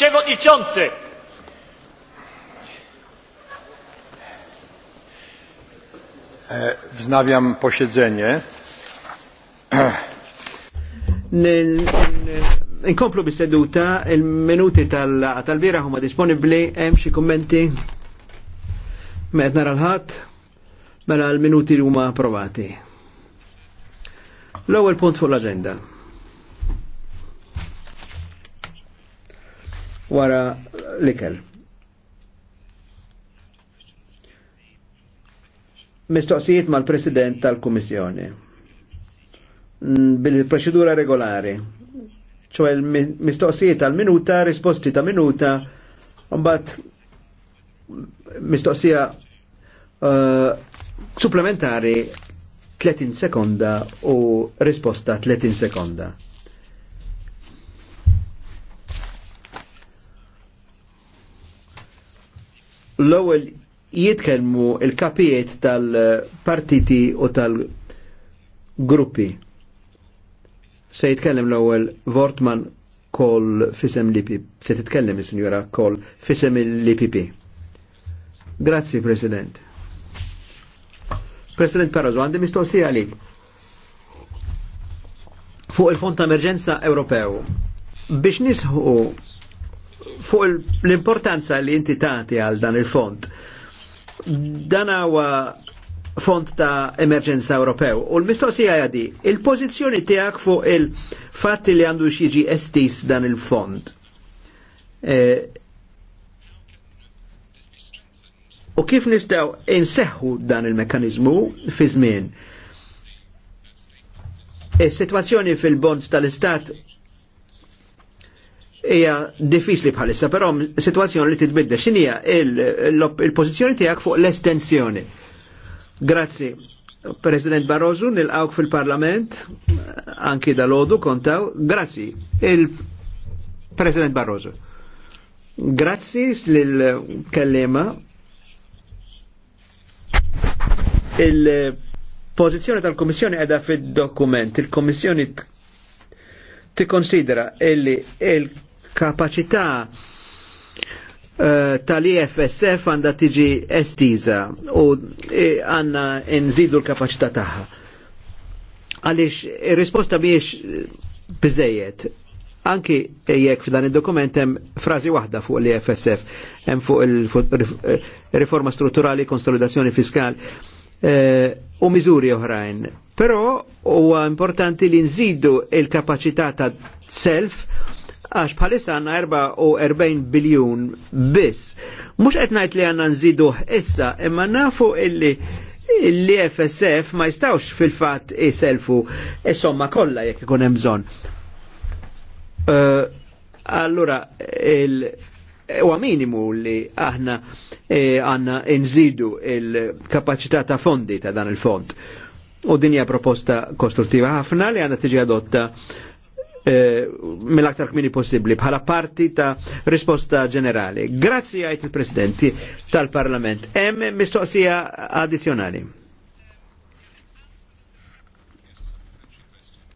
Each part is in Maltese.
Przewodniczący! E, wznawiam posiedzenie. Inkomplu bis-seduta, il-minuti tal-vira huma disponibli, hemm xi kummenti meta nara l-ħadd, mela l-minuti huma approvati. L-ewwel punt fuq l-aġenda. wara l-ikel. Mistoqsijiet mal-President tal-Kummissjoni mm, bil-proċedura regolari, ċoħe mistoqsijiet tal-minuta, risposti ta' minuta, Mbatt mistoqsija uh, supplementari 30 sekonda u risposta 30 sekonda. l-ewwel jitkellmu il-kapijiet tal-partiti u tal-gruppi. Se jitkellem l-ewwel Vortman kol fisem l-IPP. Se titkellem is-sinjura kol fisem l-IPP. Grazzi, President. President Barroso, għandi mistoqsija għalik. Fuq il-Fond ta' Emerġenza Ewropew, biex nisħu fuq l-importanza li inti tati għal dan il-font. Dan huwa font ta' emerġenza Ewropew. U l-mistoqsija jadi, il-pożizzjoni tiegħek fuq il fat li għandu xiġi estis dan il-font. E, u kif nistaw inseħħu dan il mekanizmu fi żmien? Is-sitwazzjoni e, fil-bonds tal-istat hija diffiċli bħalissa, però situazzjoni li titbidda x'inhija il-pożizzjoni tiegħek fuq l-estensjoni. Grazzi. President Barroso, nil nil-għawk fil-Parlament, anki dal-ħodu kontaw, grazzi, il-President Barroso. Grazzi lil Kellema. il-pozizjoni tal-Komissjoni edha fil-dokument, il-Komissjoni tikkonsidera illi il kapacità eh, tal-IFSF għanda tiġi estiza u e, għanna nżidu l-kapacità taħħa. Għalix, il-risposta e, biex eh, bizzejiet. Anki jekk f'dan il-dokument hemm frażi waħda fuq l-IFSF, hemm fuq il-riforma eh, strutturali, konsolidazzjoni fiskal u miżuri oħrajn. Però huwa importanti li nżidu il-kapaċità ta' self għax bħalissa għanna 44 biljun biss. Mux għetnajt li għanna nżidu issa, imma nafu illi l-FSF ma jistawx fil-fat jiselfu somma kolla jek ikun hemm bżonn. Uh, allura, il- huwa minimu li aħna eh, għanna e, nżidu il-kapacità ta' fondi ta' dan il-fond. U dinja proposta kostruttiva ħafna li għanna tiġi adotta Eh, mill-aktar kmini possibli bħala parti ta' risposta ġenerali. Grazzi għajt il-Presidenti tal-Parlament. Hemm mistoqsija addizzjonali.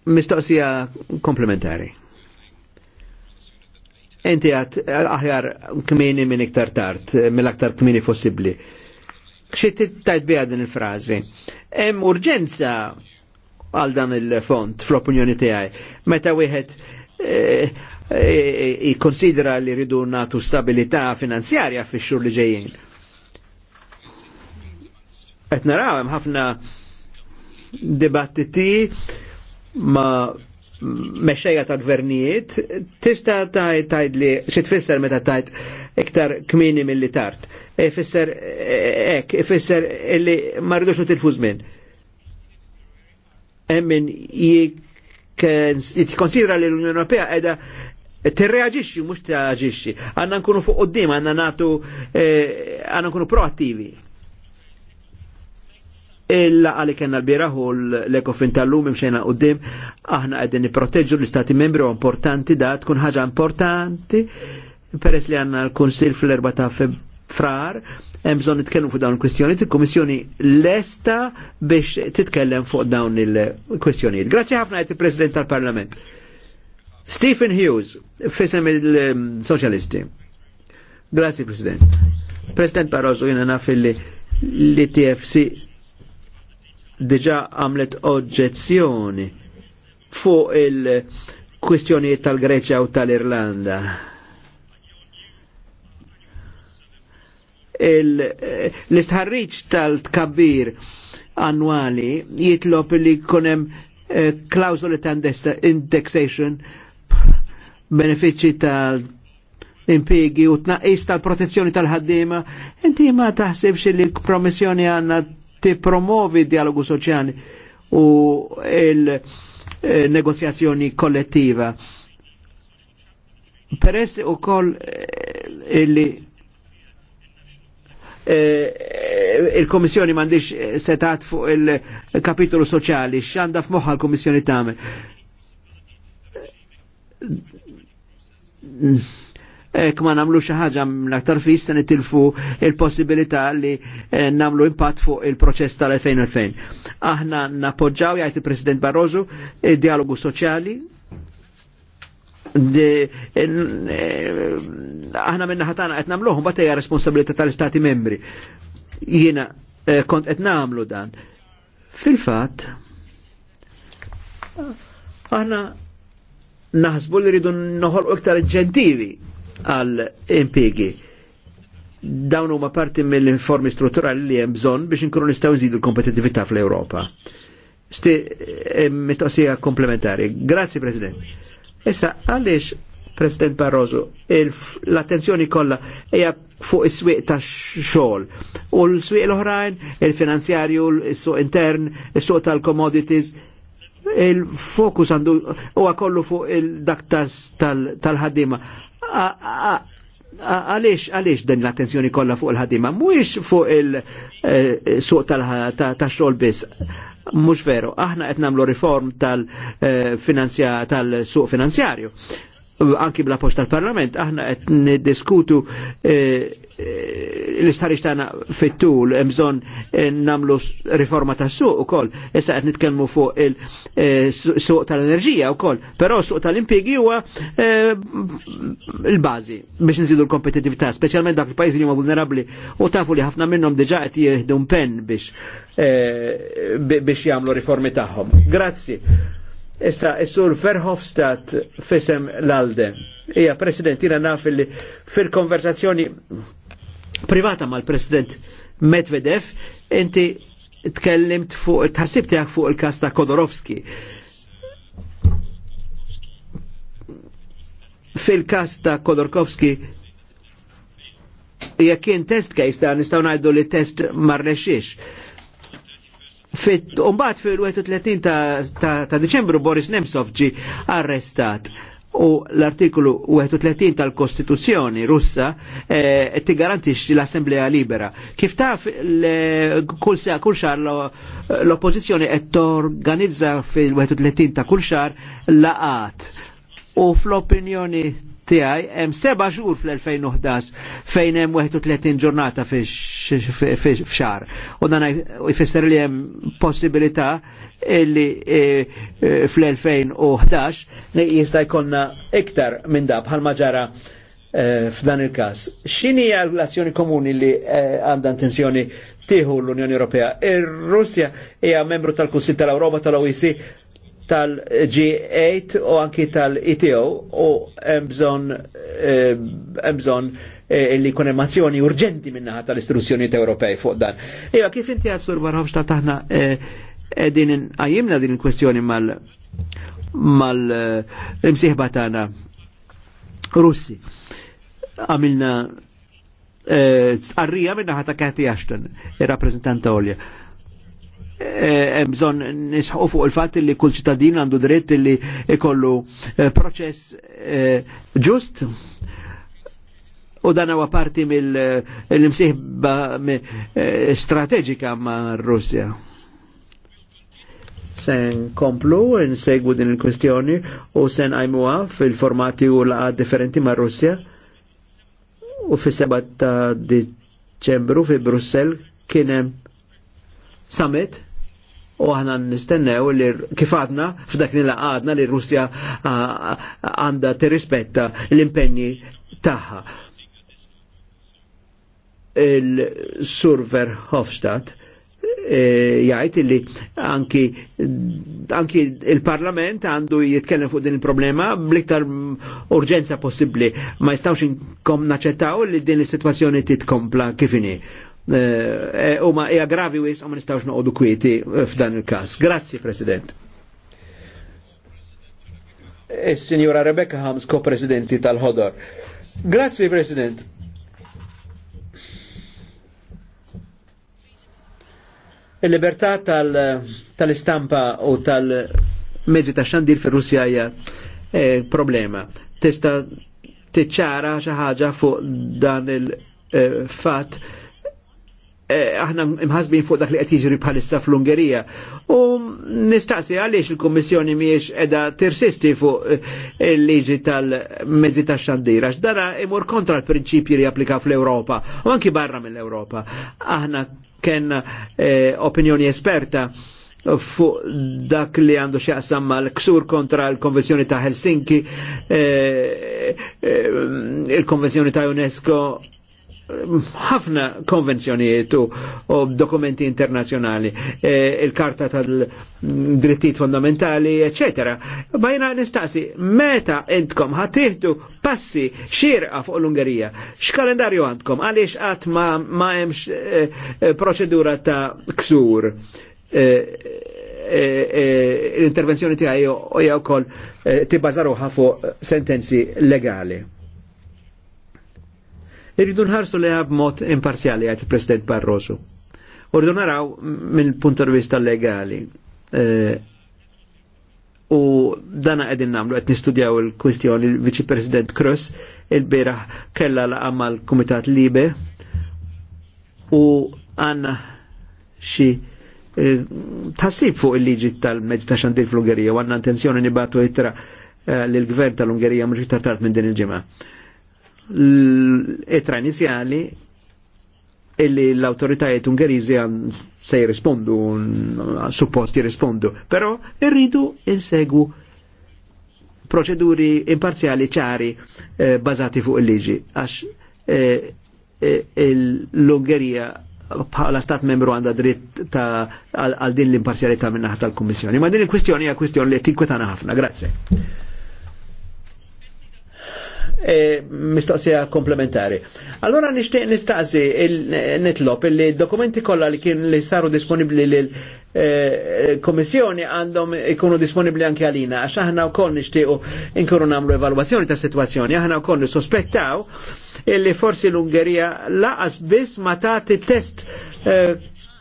Mistoqsija komplementari. Enti għat aħjar kmini minn iktar tard, mill-aktar kmini possibli. Xie tajt bija din il-frazi. Hemm urġenza għal dan il-font fl-opinjoni tiegħi. Meta wieħed jikonsidra eh, eh, li ridu natu stabilità finanzjarja fix-xhur li ġejjin. Qed naraw ħafna dibattiti ma meċċeja ta' gvernijiet tista' tajt tajt li xi tfisser meta tajt iktar kmini mill-li tard. Ifisser eh, hekk, ifisser illi ma rridux nitilfu minn emmin jikonsidra li l-Unjoni Ewropea edha terreagixxi mhux taġixxi, għanna nkunu fuq qudiem, għandna natu eh, għandna nkunu proattivi. Illa għalli kena l-biraħu l-ekofin tal-lum imxena qoddim, aħna għedin niproteġu l-istati membri u importanti da tkun ħaġa importanti, peress li għanna l-Kunsil fl-4 ta' frar, hemm bżonn nitkellmu fuq dawn il-kwistjonijiet, il-Kummissjoni lesta biex titkellem fuq dawn il-kwistjonijiet. Grazzi ħafna qed il-President tal-Parlament. Stephen Hughes, fisem il-Soċjalisti. Grazzi President. President Barroso jiena naf li TFC diġa għamlet oġġezzjoni fuq il-kwistjonijiet tal-Greċja u tal-Irlanda l-istħarriċ tal-tkabbir annuali jitlob li kunem eh, klauzuli ta' indexation benefiċi tal impiegi u tnaqis tal-protezzjoni tal-ħaddima, inti ma taħsibx li l-promissjoni għanna tippromovi dialogu soċjali u il-negozjazzjoni kollettiva. Peress u koll eh, illi Eh, il-Komissjoni mandiċ eh, setat fuq il-kapitolu soċjali, xanda f'moħħa l-Komissjoni tamen. Ek ma namlu xaħġa l-aktar fis se nitilfu il-possibilità li eh, namlu impatt fuq il-proċess tal-2020. Aħna napoġġaw jgħid il-President Barroso il-dialogu soċjali E, aħna minna ħatana qed nagħmluhom bat hija responsabilità tal-Istati membri. Jiena e, kont qed nagħmlu dan. Fil-fatt aħna naħsbu li rridu noħol iktar ġentivi għal impjegi. Dawn huma parti mill-informi strutturali li hemm bżonn biex inkunu nistgħu nżidu l-kompetittività fl-Ewropa. Sti e, mistoqsija komplementari. Grazzi President Issa, għaliex President Barroso, l-attenzjoni kollha hija fuq is-swieq tax-xogħol. U l-swieq l-oħrajn, il-finanzjarju, is-suq intern, is-suq tal-commodities, il-fokus għandu huwa kollu fuq il-dak tal-ħaddiema. Għaliex għaliex din l-attenzjoni kollha fuq il-ħaddiema, mhuwiex fuq il-suq eh, tax-xogħol biss mhux veru. Aħna qed nagħmlu riform eh, tal-suq tal finanzjarju. Anki bla post tal-Parlament, aħna qed niddiskutu eh, eh, l-istarix tagħna fit-tul bżonn nagħmlu riforma tas suq ukoll issa qed nitkellmu fuq il-suq tal-enerġija wkoll, però suq tal impjiegi huwa l-bażi biex nżidu l-kompetitività, speċjalment dak il pajjiżi li huma vulnerabbli u tafu li ħafna minnhom diġà qed jieħdu pen biex Eh, biex jagħmlu riformi tagħhom. Grazzi. Issa, s-sur Verhofstadt fisem l-Alde. Ija, President, jina naf fil-konversazzjoni privata mal-President Medvedev, inti tkellimt fuq, tħassib tiegħek fuq il kasta ta' Kodorowski. fil kasta ta' Kodorkowski, jekk kien test case nistaw nistgħu ngħidu li test marrexiex. Umbat fil-31 ta', ta, ta Deċembru Boris Nemtsov ġi arrestat u l-artikolu 31 tal-Kostituzzjoni russa eh, tigarantixxi l-Assemblea Libera. Kif taf kull kull xar l-oppożizzjoni qed torganizza fil-31 ta' kull xar laqat u fl-opinjoni tiegħi hemm seba' xhur fl-2011 fejn hemm 31 ġurnata f'xar. U dan jfisser li hemm possibilità illi e, e, fl-2011 jista' jkollna iktar minn da bħal ġara e, f'dan il-każ. X'inhi hija relazzjoni komuni li għandha intenzjoni tieħu l-Unjoni Ewropea? Ir-Russja hija membru tal-Kunsill tal-Ewropa tal-OEC tal-G8 u anki tal-ITO u emżon emżon eh, eh, li kun emazzjoni urġenti minnaħa tal-istruzzjoni Ewropej fuq dan. Iva, kif inti għad sur barħobx ta' taħna eh, din għajimna din il-kwestjoni mal mal-imsiħba tagħna Russi. Għamilna għarrija minna ħata Kati Ashton, il rappreżentanta Olja Eh, bżon nisħu fuq il-fat li kull ċittadin għandu dritt li ikollu eh, proċess eh, ġust u dan huwa parti mill-imsieħba strateġika ma' Russja. Sen komplu, nsegwu din il-kwestjoni u sen għajmuha fil-formati u la' differenti ma' Russja u fis-7 ta' Deċembru fi Brussel kienem summit u aħna nistennew li kif għadna f'dak għadna li Russja għanda tirrispetta l-impenni tagħha. Il-Surver Hofstadt e, jgħid li anki, anki il-Parlament għandu jitkellem fuq din il-problema bliktar urġenza possibbli. Ma jistawx inkom naċċettaw li din is-sitwazzjoni titkompla kifini. Eh, eh, u ma hija gravi wis u ma nistgħux noqogħdu kwieti eh, f'dan il kas Grazzi, President. Signora Rebecca Hams, co presidenti tal-Ħodor. Grazzi, President. Il-libertà tal-istampa tal u tal-mezzi ta' xandir fir-Russja hija e problema. Tista' tiċċara xi ħaġa fuq dan il-fatt eh, Eh, aħna imħasbin fuq dak li qed jiġri bħalissa fl-Ungerija. U nistaqsi għaliex il-Kummissjoni miex edha tirsisti fuq eh, il-liġi tal-mezzi ta' xandira X'dara imur kontra l-prinċipji li applika fl-Ewropa u anki barra mill-Ewropa. Aħna kien eh, opinjoni esperta fuq dak li għandu xaqsam mal ksur kontra l-Konvenzjoni ta' Helsinki, il-Konvenzjoni ta' UNESCO ħafna konvenzjonijiet u dokumenti internazjonali, e, il-karta tal-drittijiet fondamentali, eccetera. Bajna nistaqsi, meta intkom ħatiħdu passi xirqa fuq l-Ungerija, x'kalendarju għandkom, għaliex għat ma, hemmx e, e, proċedura ta' ksur. L-intervenzjoni tiegħi jew ukoll tibbażaruha fuq sentenzi legali. Irridu nħarsu li għab mod imparzjali għajt il-President Barroso. Urridu naraw minn punt di vista legali. Eh, u dana għedin namlu għed nistudjaw il-kwistjoni il-Viċi President Cross il-beraħ kella laqam l-Kumitat Libe u għanna xi eh, tasib fuq il-liġi tal medzi ta' xandir fl-Ungerija u għanna intenzjoni nibatu ittra eh, l-gvern tal-Ungerija mux iktar minn din il-ġimgħa l-etra inizjali illi l-autoritajiet ungerizi se jirrispondu, supposti jirrispondu, però irridu insegu proċeduri imparziali ċari eh, bazati fuq il-liġi, għax eh, eh, l-Ungerija bħala stat membru għanda dritt ta' għal din l-imparzjalità minnaħat tal-Kommissjoni. Ma din il-kwistjoni hija kwistjoni li tinkwetana ħafna. Grazie. E, mistoqsija komplementari. Allora nixtieq nistaqsi il nitlob li dokumenti kollha li kien li saru disponibbli lil e, komissjoni għandhom ikunu disponibli anke għalina, għax aħna wkoll nixtiequ inkunu nagħmlu evalwazzjoni ta' situazzjoni, aħna wkoll nisospettaw illi forsi l-Ungerija laqas biss ma tagħti test e,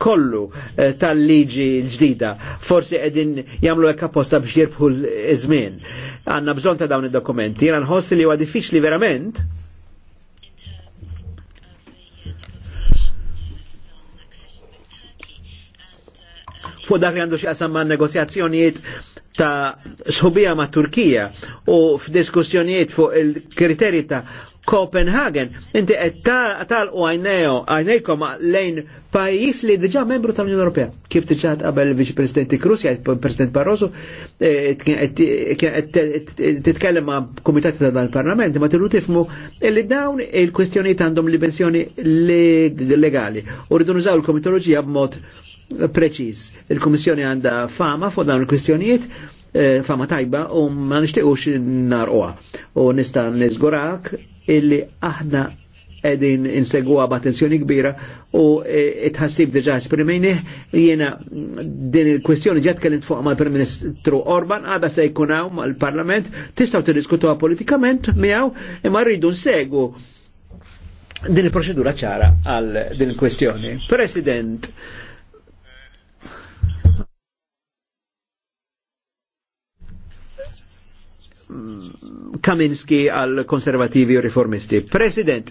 kollu eh, tal-liġi l ġdida. Forsi edin jamlu ekka posta biex jirbħu l-izmin. Għanna bżon ta' dawn id-dokumenti. Jiran nħossi li huwa diffiċli verament fuq dak li għandu xie ma' negozjazzjonijiet ta' sħubija ma' Turkija u f'diskussjonijiet fuq il-kriterji ta' Copenhagen. Inti qed talqu għajnejo għajnejkom lejn pajjiż li diġà membru tal-Unjoni Ewropea. Kif tiġat qabel viċi Presidenti Krusja, President Barroso, eh, titkellem ma' kumitati ta' il parlament ma tilu tifmu li dawn il-kwestjonijiet għandhom libenzjoni legali. U rridu nużaw il-komitoloġija b'mod preċiż. Il-Kummissjoni għandha fama fuq dawn il-kwestjonijiet Eh, fama tajba u ma nishtiqux narqoha. U nista' nizgurak illi aħna edin insegwa b'attenzjoni kbira u eh, tħassib diġa esprimejnih jiena din il-kwestjoni ġat kellimt fuq mal prem Ministru Orban għada se jkun hawn mal-Parlament tistgħu tiddiskutuha politikament miegħu imma rridu nsegu din il-proċedura ċara għal din il-kwestjoni. President, Kaminski għal konservativi u riformisti. President,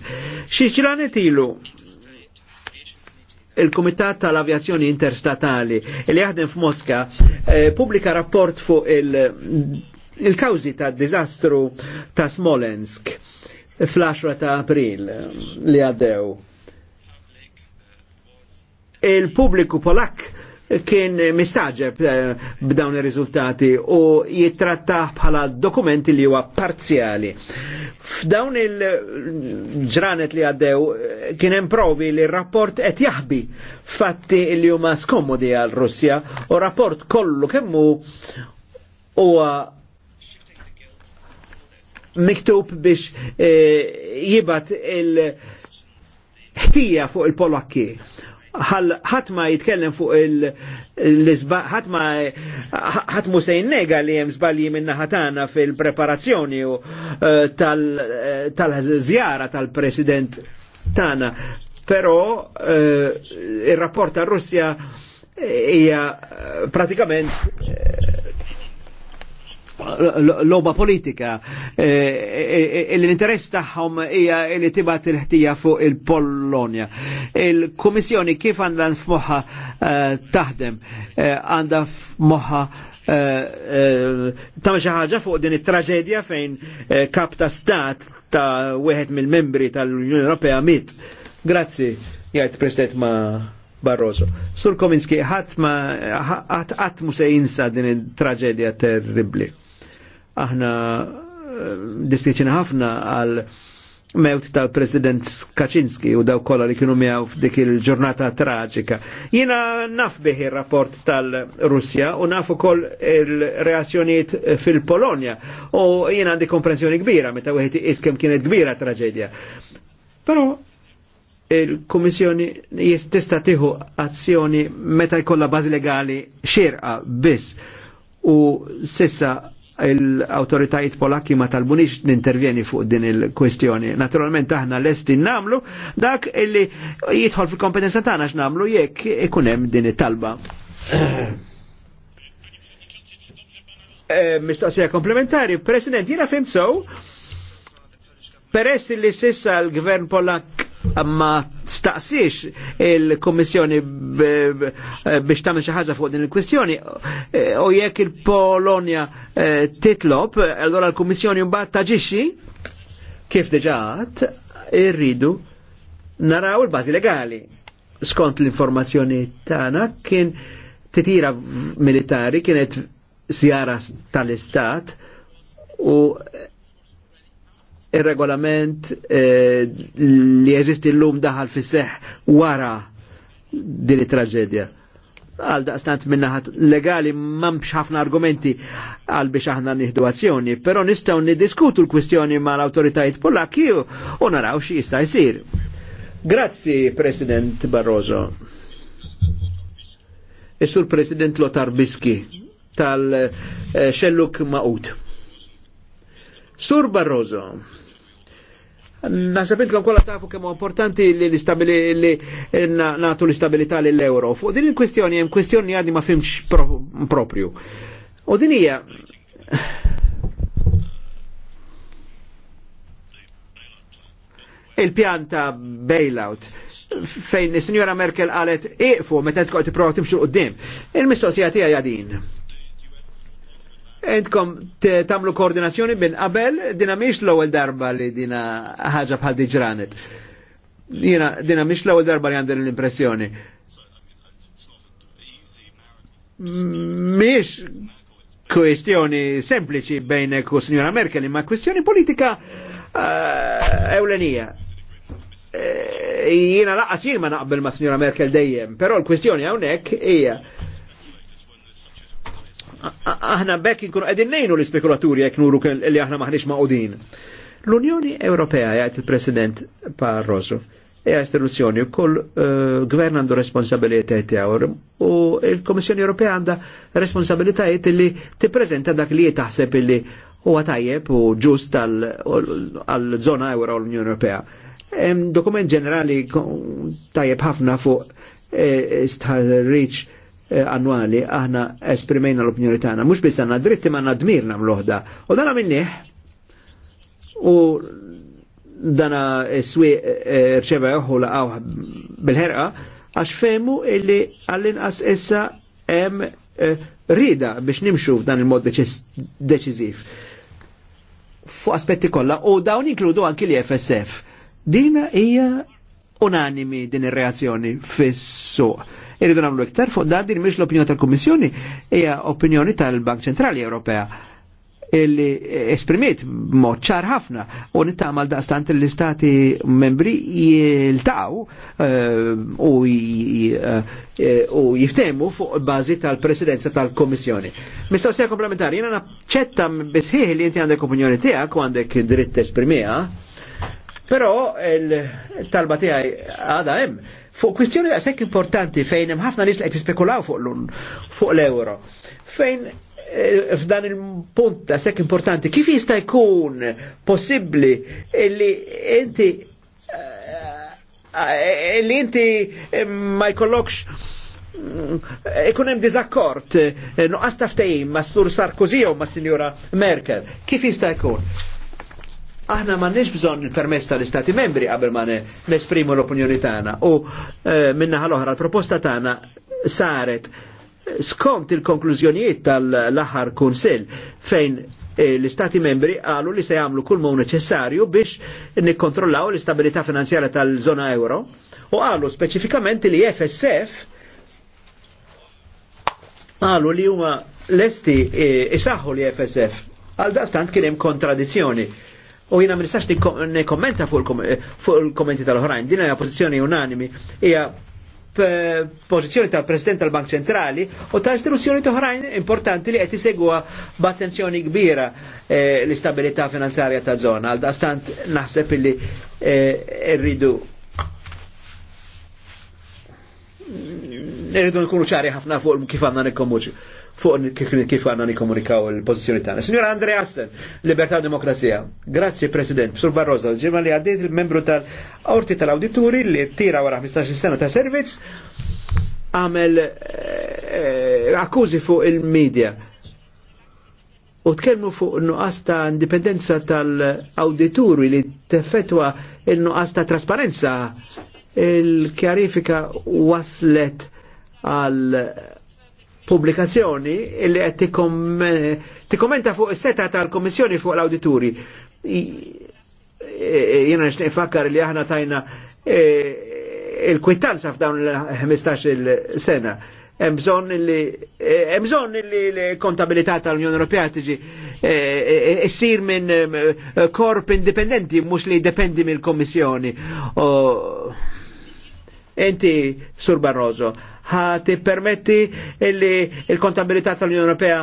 xieċranet ilu il komitat tal-Avjazzjoni Interstatali li jaħdem f'Mosca eh, pubblika rapport fuq il-kawzi ta' dizastru ta' Smolensk fl-10 ta' april eh, li għaddew. il publiku Polak kien mistaġeb eh, b'dawn ir-riżultati u jittrattaħ bħala dokumenti li huwa parzjali. F'dawn il-ġranet li għaddew eh, kien hemm provi li r-rapport qed jaħbi fatti li huma skomodi għal Russja u rapport kollu kemmu huwa miktub biex eh, jibat il-ħtija fuq il-Polakki ħadd ma jitkellem fuq il-isba ma ħadd mu se jinnega li hemm żbalji min naħatana fil-preparazzjoni eh, eh, tal-żjara tal-President tana. Però eh, il-rapport tar-Russja hija pratikament loba politika e, e, e, l-interess tagħhom hija li tibgħat il-ħtija fuq il-Pollonja. Il-Kummissjoni kif għandha f'moħħa taħdem għandha f'moħħa ta' xi ħaġa fuq din it-traġedja fejn kap ta' stat ta' wieħed mill-membri tal-Unjoni Ewropea mit. Grazzi, jgħid President ma' Barroso. Sur Kominski, ħatma, ma mu se jinsa din it-traġedja terribli. Aħna eh, dispieċina ħafna għal mewt tal-President Kaczynski u daw kolla li kienu miegħu f'dik il-ġurnata traġika. Jiena naf bih ir-rapport tal-Russja u naf ukoll il-reazzjonijiet fil-Polonja u jiena għandi komprensjoni kbira meta wieħed iskem kienet kbira traġedja. Però il-Kummissjoni tista' tieħu azzjoni meta jkollha bażi legali xirqa biss u sissa l-autoritajiet polakki ma talbunix nintervjeni fuq din il-kwestjoni. Naturalment aħna lesti namlu dak illi jidħol fil-kompetenza tagħna x'namlu jekk ikun hemm din it-talba. Eh, mistoqsija komplementari, President, jiena fim sow, peress li sissa l-gvern Polak ma staqsix il-Kommissjoni biex tagħmel xi ħaġa fuq din il-kwistjoni u jekk il-Polonja eh, titlob, allora l-Kummissjoni mbagħad taġixxi kif diġà irridu naraw il-bażi legali. Skont l-informazzjoni tagħna kien titira militari kienet sijara tal-istat u il-regolament eh, li jeżisti l-lum daħal fi seħ wara din it-traġedja. Għal daqstant minnaħat legali mamx ħafna argumenti għal biex aħna nihdu azzjoni, pero nistaw nidiskutu l-kwistjoni ma l autoritajt polakki u naraw xi jista' jsir. Grazzi, President Barroso. Issur sur President Lotar Biski tal-Xelluk eh, Maqut. Sur Barroso, Nasab intkom kolla tafu kemmu importanti li li natu l li l-euro. U din il-kwestjoni jem kwestjoni għadni ma fimx propju. U din hija il-pjanta bailout fejn il sinjora Merkel qalet iqfu meta tkoqgħod prova timxu għoddim. Il-mistoqsija tiegħi din Entkom tamlu koordinazzjoni bin qabel, dina miex l-ewwel darba li dina ħaġa bħal diġranet. Jina, dina miex l-ewwel darba li għandin l-impressjoni. Miex kwestjoni sempliċi bejnek u signora Merkel, ma kwestjoni politika uh, ewlenija. Eh, jina laqas jien ma naqbel ma signora Merkel dejjem, pero l-kwestjoni hawnhekk hija aħna bekk inkunu qegħdin ngħinu l-ispekulaturi jekk nuru li aħna maħniex maqudin. L-Unjoni Ewropea jgħid il-President Barroso hija istituzzjoni wkoll uh, eh, gvern għandu responsabilitajiet tiegħu u l-Komissjoni Ewropea għandha responsabilitajiet li tippreżenta dak li taħseb illi huwa tajjeb u ġust għal-żona euro l-Unjoni Ewropea. Dokument ġenerali tajjeb ħafna fuq e, Eh, annwali aħna esprimejna l-opinjoni tagħna, mhux biss għandna dritti ma għandna dmir nagħmlu. oħda. U dan minnih u dana s-swi eh, rċeva joħu laqaw bil-ħerqa għax femu illi għall-inqas issa hemm eh, rida biex nimxu f'dan il-mod deċiżiv. Fuq aspetti kollha u dawn inkludu anki li FSF. Dina hija unanimi din ir-reazzjoni fis-suq irridu namlu iktar fuq dan din mhix l-opinjoni tal-Kummissjoni hija opinjoni tal-Bank Ċentrali Ewropea illi esprimiet mod ċar ħafna u nittamal daqstant l-istati membri jiltaw eh, u eh, eh, jiftemu fuq bazi tal-presidenza tal-komissjoni. Mistoqsija komplementari, jena naċċetta bisħiħ li jinti għandek opinjoni tijak u għandek dritt esprimija, pero tal-batijaj għada jem fuq kwistjoni ta' sekk importanti fejn hemm ħafna nies li qed jispekulaw fuq l-euro. Fejn eh, f'dan il-punt ta' sekk importanti, kif jista' jkun possibbli li inti eh, eh, li inti ma jkollokx mm, ikun hemm diżakkord nuqqas taftejim ma' Sur Sarkozy u ma' Sinjura Merkel. Kif jista' jkun? aħna ma nix bżon il-permess tal-Istati membri qabel ma nesprimu l-opinjoni tagħna. U eh, minna ħal-oħra l-proposta tagħna saret skont il-konklużjonijiet tal-aħħar kunsill fejn eh, l-istati membri għalu li se jagħmlu kull mu neċessarju biex nikkontrollaw l-istabilità finanzjarja tal-żona euro u għalu speċifikament li FSF għalu li huma lesti eh, isaħħu li FSF għal dastant kien hemm kontradizzjoni u jina mristax nikkommenta fuq il-kommenti tal-oħrajn. Din hija pożizzjoni unanimi hija pożizzjoni tal-President tal-Bank Ċentrali u ta' istituzzjoni toħrajn importanti li qed isegwa b'attenzjoni kbira eh, l-istabilità finanzjarja ta' zona. Għal stant naħseb illi eh, rridu rridu nkunu ċari ħafna fuq kif għandna nikkommuċi fuq kif għanna nikomunikaw il-pozizjoni tagħna. Signor Andre Assen, Libertà u Demokrazija. Grazie, President, Sur Barroso, ġimma li għaddiet il-membru tal-Orti tal-Awdituri li tira wara 15 sena ta' servizz għamel eh, akkużi fuq il-medja. U tkellmu fuq nuqqas ta' indipendenza tal-awdituri li t teffetwa il-nuqqas ta' trasparenza il-kjarifika waslet għal pubblikazzjoni illi qed tikkommenta fuq is-seta tal-Kommissjoni fuq l-Awdituri. E, e, Jiena nixtieq nfakkar li aħna tajna e, il-kwittanza f'dawn il-15 sena Hemm bżonn li l-kontabilità tal-Unjoni Ewropea tiġi issir minn korp indipendenti mhux li jdependi mill-Kommissjoni. Enti, Sur Barroso, ħati permetti illi il-kontabilità tal-Unjoni Ewropea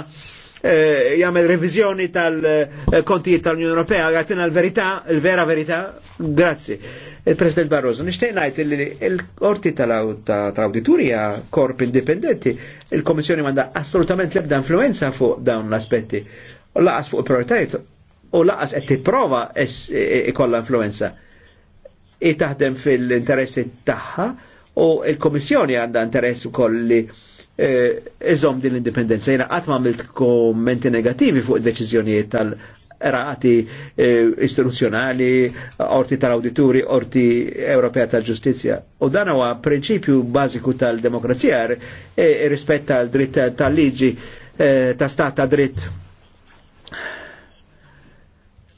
eh, jagħmel revizjoni tal-kontijiet tal-Unjoni Ewropea għatina l-verità, l-vera verità. Grazzi. Il-President Barroso, nixtieq ngħid li l-Qorti tal-Awditurija korp indipendenti, il-Kommissjoni m'għandha assolutament l-ebda influenza fuq dawn l-aspetti. U Laqas fuq il-prioritajiet u laqas qed tipprova e- e- ikolla influenza i taħdem fil-interessi tagħha u il-Komissjoni għandha interess u kolli eh, iżom din l-indipendenza. Jena għatma għamilt kommenti negativi fuq il-deċizjonijiet tal-rati eh, istituzzjonali, orti tal-auditori, orti Ewropea tal-ġustizja. U dan huwa prinċipju bażiku tal-demokrazija eh, rispetta tal-dritt tal-liġi ta' stat ta' dritt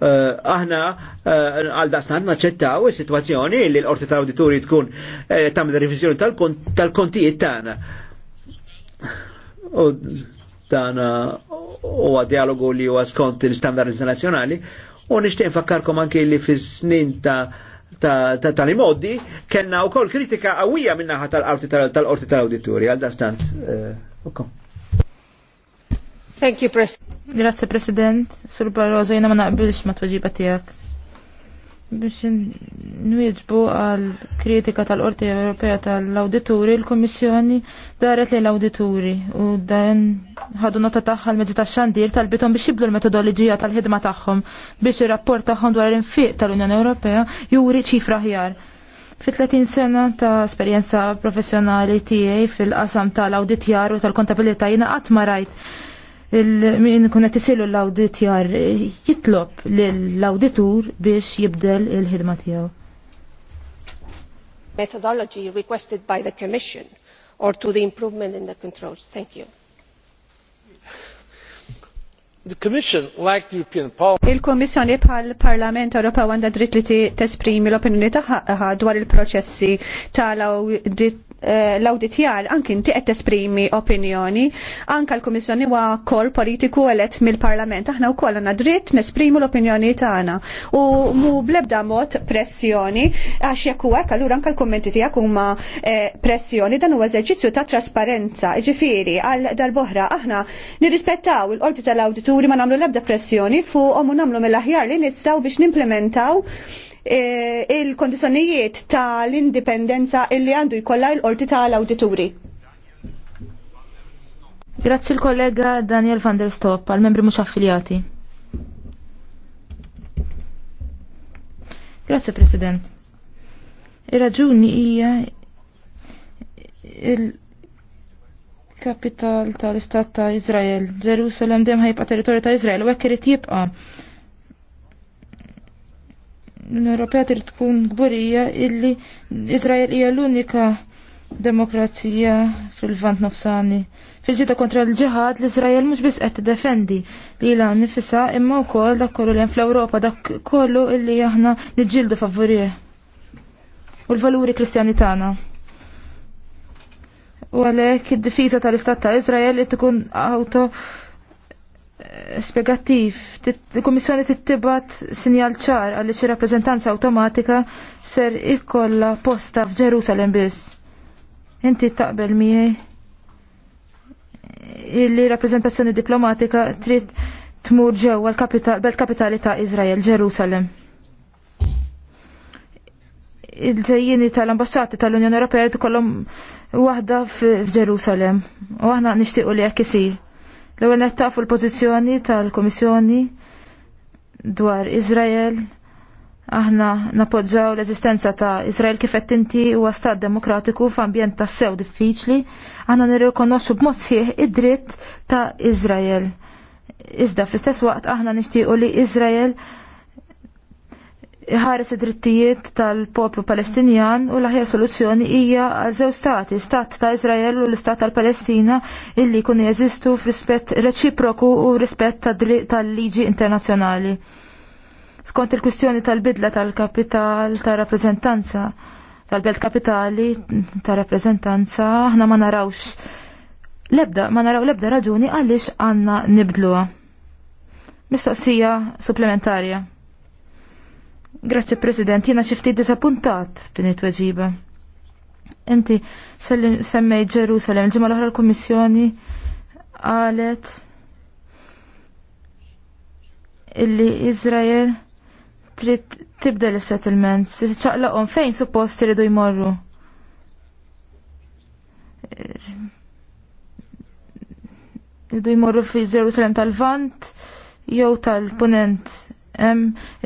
Eh, aħna eh, għal dastan naċċettaw is-sitwazzjoni li l-Qorti tal-Awditori tkun eh, tagħmel revizjoni tal-kontijiet tagħna. U tagħna huwa dialogu li huwa skont l standard internazzjonali u nixtieq nfakkarkom anke li fis-snin ta' tal-imoddi kellna wkoll kritika qawwija minnaħa tal-qorti tal-awditori għal dastant. Thank you, President. Grazie, President. Sur Barroso, jena ma naqbilx ma tweġiba tijak. Biex nwieġbu għal kritika tal-Qorti Ewropea tal-Awdituri, l-Kommissjoni daret li l-Awdituri u dan ħadu nota taħħa l-mezzi ta' xandir tal-bitom biex jiblu l-metodologija tal-ħidma tagħhom biex ir-rapport tagħhom dwar l-infiq tal-Unjoni Ewropea juri ċifra ħjar. Fi 30 sena ta' esperjenza professjonali tiegħi fil-qasam tal-awditjar u tal-kontabilità jiena qatt ma rajt min kun qed isilu l-awditjar jitlop l-awditur biex jibdel il-ħidma tijaw. Methodology requested by the Commission or to the improvement in the controls. Thank you. The Commission, like the European Parliament, il-Kommissjoni bħal Parlament Ewropew għandha dritt li tesprimi l-opinjoni tagħha dwar il-proċessi tal-awdit Eh, l-auditjar anki inti qed esprimi opinjoni, anka l-Kummissjoni huwa kor politiku elett mill-Parlament. Aħna wkoll għandna dritt nesprimu l-opinjoni tagħna. U mu ebda mod pressjoni għax jekk huwa hekk allura anke l-kummenti tiegħek huma eh, pressjoni dan huwa eżerċizzju ta' trasparenza. Ġifieri għal darboħra aħna nirrispettaw il-qorti tal-awdituri ma nagħmlu l-ebda pressjoni fuqhom u nagħmlu mill-aħjar li nistgħu biex nimplementaw E, il-kondizjonijiet tal-indipendenza illi għandu jkollha l-qorti tal-awdituri. Grazzi l-kollega Daniel van der Stop, għal-membri mux affiljati. Grazzi, President. Ir-raġuni hija il-kapital tal-istat ta' Izrael, Ġerusalem dem ħajpa territorju ta' Izrael, u hekk irid jibqa' l-Unjoni trid tkun gburija illi Izrael hija l-unika demokrazija fil-vant nofsani. Fil-ġita kontra l-ġihad l-Izrael mhux biss qed tiddefendi li la nifisa imma wkoll dak kollu l fl-Ewropa dak kollu illi aħna nġildu favorie. U l-valuri kristjani tagħna. U għalhekk id-difiża tal-Istat ta' Izrael li tkun auto spiegattiv. Il-Kummissjoni tittibat sinjal ċar għalli xi rappreżentanza awtomatika ser ikkolla posta f'Ġerusalem biss. Inti taqbel miegħi illi rappreżentazzjoni diplomatika trid tmur ġewwa l-kapitali ta' Izrael, Ġerusalem. Il-ġejjini tal-ambasċati tal-Unjoni Ewropea tkollhom waħda f'Ġerusalem u aħna nixtiequ li hekk isir. L-ewwel qed tafu l-pożizzjoni tal-Kummissjoni dwar Izrael. Aħna napoġġaw l-eżistenza ta' Izrael kif qed inti huwa stat demokratiku f'ambjent ta' sew diffiċli, aħna nirrikonoxxu b'mod sħiħ id-dritt ta' Izrael. Iżda fl-istess waqt aħna nixtiequ li Izrael iħares id-drittijiet tal-poplu palestinjan u l-aħjar soluzzjoni hija għal żew stati, stat ta' Izrael u l-istat tal-Palestina illi jkunu jeżistu f'rispett reċiproku u rispett tal-liġi internazzjonali. Skont il-kwistjoni tal-bidla tal-kapital ta' rappreżentanza tal-belt kapitali ta' rappreżentanza aħna ma narawx lebda ma naraw lebda raġuni għaliex għandna nibdluha. Mistoqsija supplementarja. Grazzi President, Jena xifti disappuntat t-tini it-tweġiba. Inti semmej Ġerusalem, ġimma l ħra l-Kommissjoni għalet illi Izrael trid tibdel is-settlements, ċaqlaqom fejn suppost iridu jmorru. Iridu jmorru fi Ġerusalem tal-Vant jew tal-Punent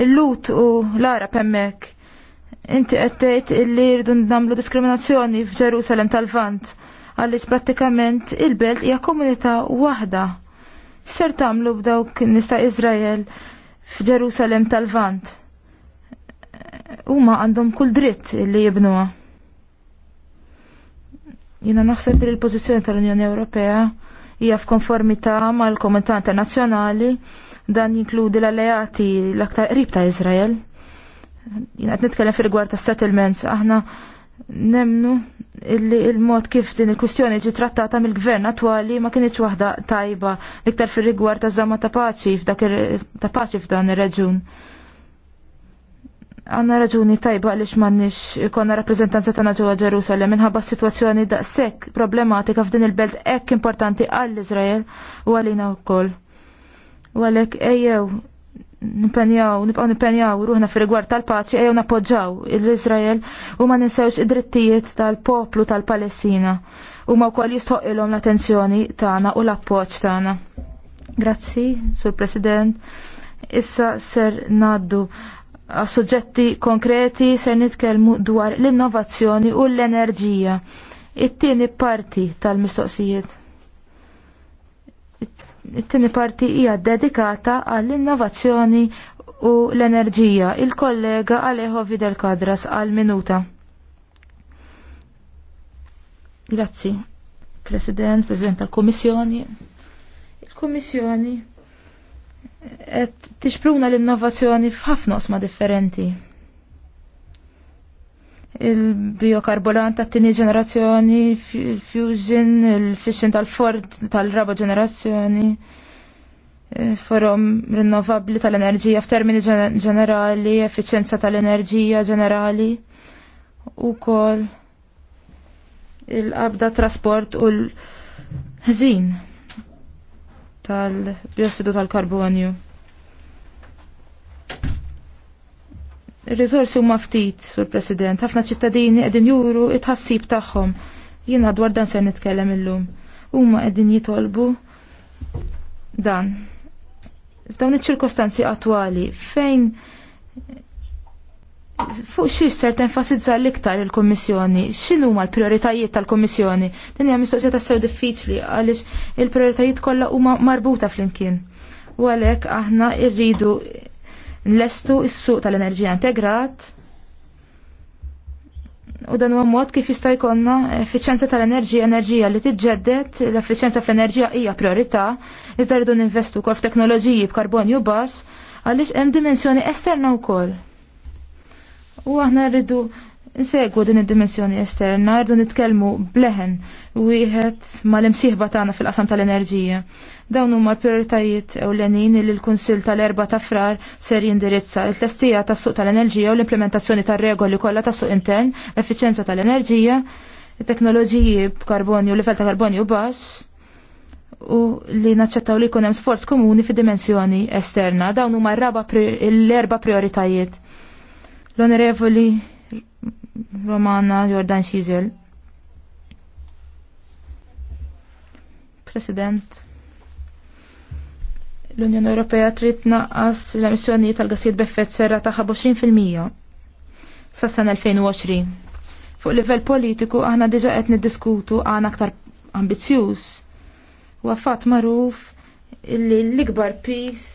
il-lut u l-ara pemmek. Inti għettejt illi jirdun namlu diskriminazzjoni f'Ġerusalem tal-Vant, għallis pratikament il-belt hija komunità waħda. Ser tamlu b'dawk nista' Izrael f'Ġerusalem tal-Vant. Huma għandhom kull dritt illi jibnuha. Jina naħseb li l-pożizzjoni tal-Unjoni Ewropea hija f'konformità mal-Komunità Internazzjonali Dan jinkludi l-alleati l-aktar qrib ta' Izrael. Jina qed nitkellem fir-rigward ta' settlements aħna nemnu illi il-mod kif din il-kustjoni ġi trattata mill-gvern attwali ma kienieċ waħda tajba iktar fir rigward ta' zama ta' paċi ta' paċi f'dan ir-reġun. Għanna raġuni tajba għaliex m'għandniex konna rappreżentanza tagħna ġewwa Ġerusalem minħabba s-sitwazzjoni daqshekk problematika f'din il-belt hekk importanti għall-Iżrael u għalina wkoll. U għalek ejjew nipenjaw, nipqaw nipenjaw ruħna fi rigward tal-paċi ejjew napoġġaw l-Izrael u ma ninsewx id-drittijiet tal-poplu tal-Palestina u ma wkoll jistħoq ilhom l-attenzjoni tagħna u l-appoġġ tagħna. Grazzi, Sur President. Issa ser naddu għas suġġetti konkreti ser nitkellmu dwar l-innovazzjoni u l-enerġija. It-tieni parti tal-mistoqsijiet it-tieni parti hija dedikata għall-innovazzjoni u l-enerġija. Il-kollega Alejo Vidal Kadras għal minuta. Grazzi. President, President tal-Komissjoni. Il-Komissjoni qed tixpruna l-innovazzjoni f'ħafna osma differenti il-biokarburant ta' tini ġenerazzjoni, il-fusion, il-fission tal-ford tal-raba ġenerazzjoni, eh, forum rinnovabli tal-enerġija f'termini ġenerali, efficienza tal-enerġija ġenerali, u kol il-qabda trasport u l-ħżin tal-biossidu tal-karbonju. Il-rizorsi huma ftit, sur President, ħafna ċittadini qegħdin juru it-ħassib tagħhom. Jiena dwar dan se nitkellem illum. Huma qegħdin jitolbu dan. F'dawn iċ-ċirkostanzi attwali fejn fuq xi ser tenfasizza l-iktar il kummissjoni x'inhu huma l-prijoritajiet tal kummissjoni Din hija mistoqsija tassew diffiċli għaliex il-prijoritajiet kollha huma marbuta flimkien. U għalhekk aħna rridu nlestu s-suq tal-enerġija integrat u dan huwa mod kif jista' jkollna effiċenza tal-enerġija, enerġija li tiġġedded, l effiċenza fl-enerġija hija priorità, iżda rridu ninvestu wkoll f'teknoloġiji b'karbonju b'ass, għaliex hemm dimensjoni esterna wkoll. U aħna rridu Insegwu din id-dimensjoni esterna, rridu nitkellmu bleħen wieħed mal-imsieħba tagħna fil-qasam tal-enerġija. Dawn huma l prioritajiet ewlenin li l-Kunsill tal-erba ta' frar ser jindirizza il-testija tas-suq tal-enerġija u l-implementazzjoni tar-regoli kollha tas-suq intern, l-effiċenza tal-enerġija, it teknoloġiji b'karbonju, u livell ta' karbonju baxx u li naċċettaw li jkun hemm sforz komuni fi dimensjoni esterna. Dawn huma l-erba prioritajiet. L-Onorevoli Romana Jordan Xizel. President, l-Unjoni Ewropea trid tnaqqas l-emissjonijiet tal-gassijiet b'effett serra ta' 20% sa' sena 2020. Fuq livell politiku aħna diġa qed niddiskutu għana aktar ambizzjuż. U għaffat magħruf illi l-ikbar pis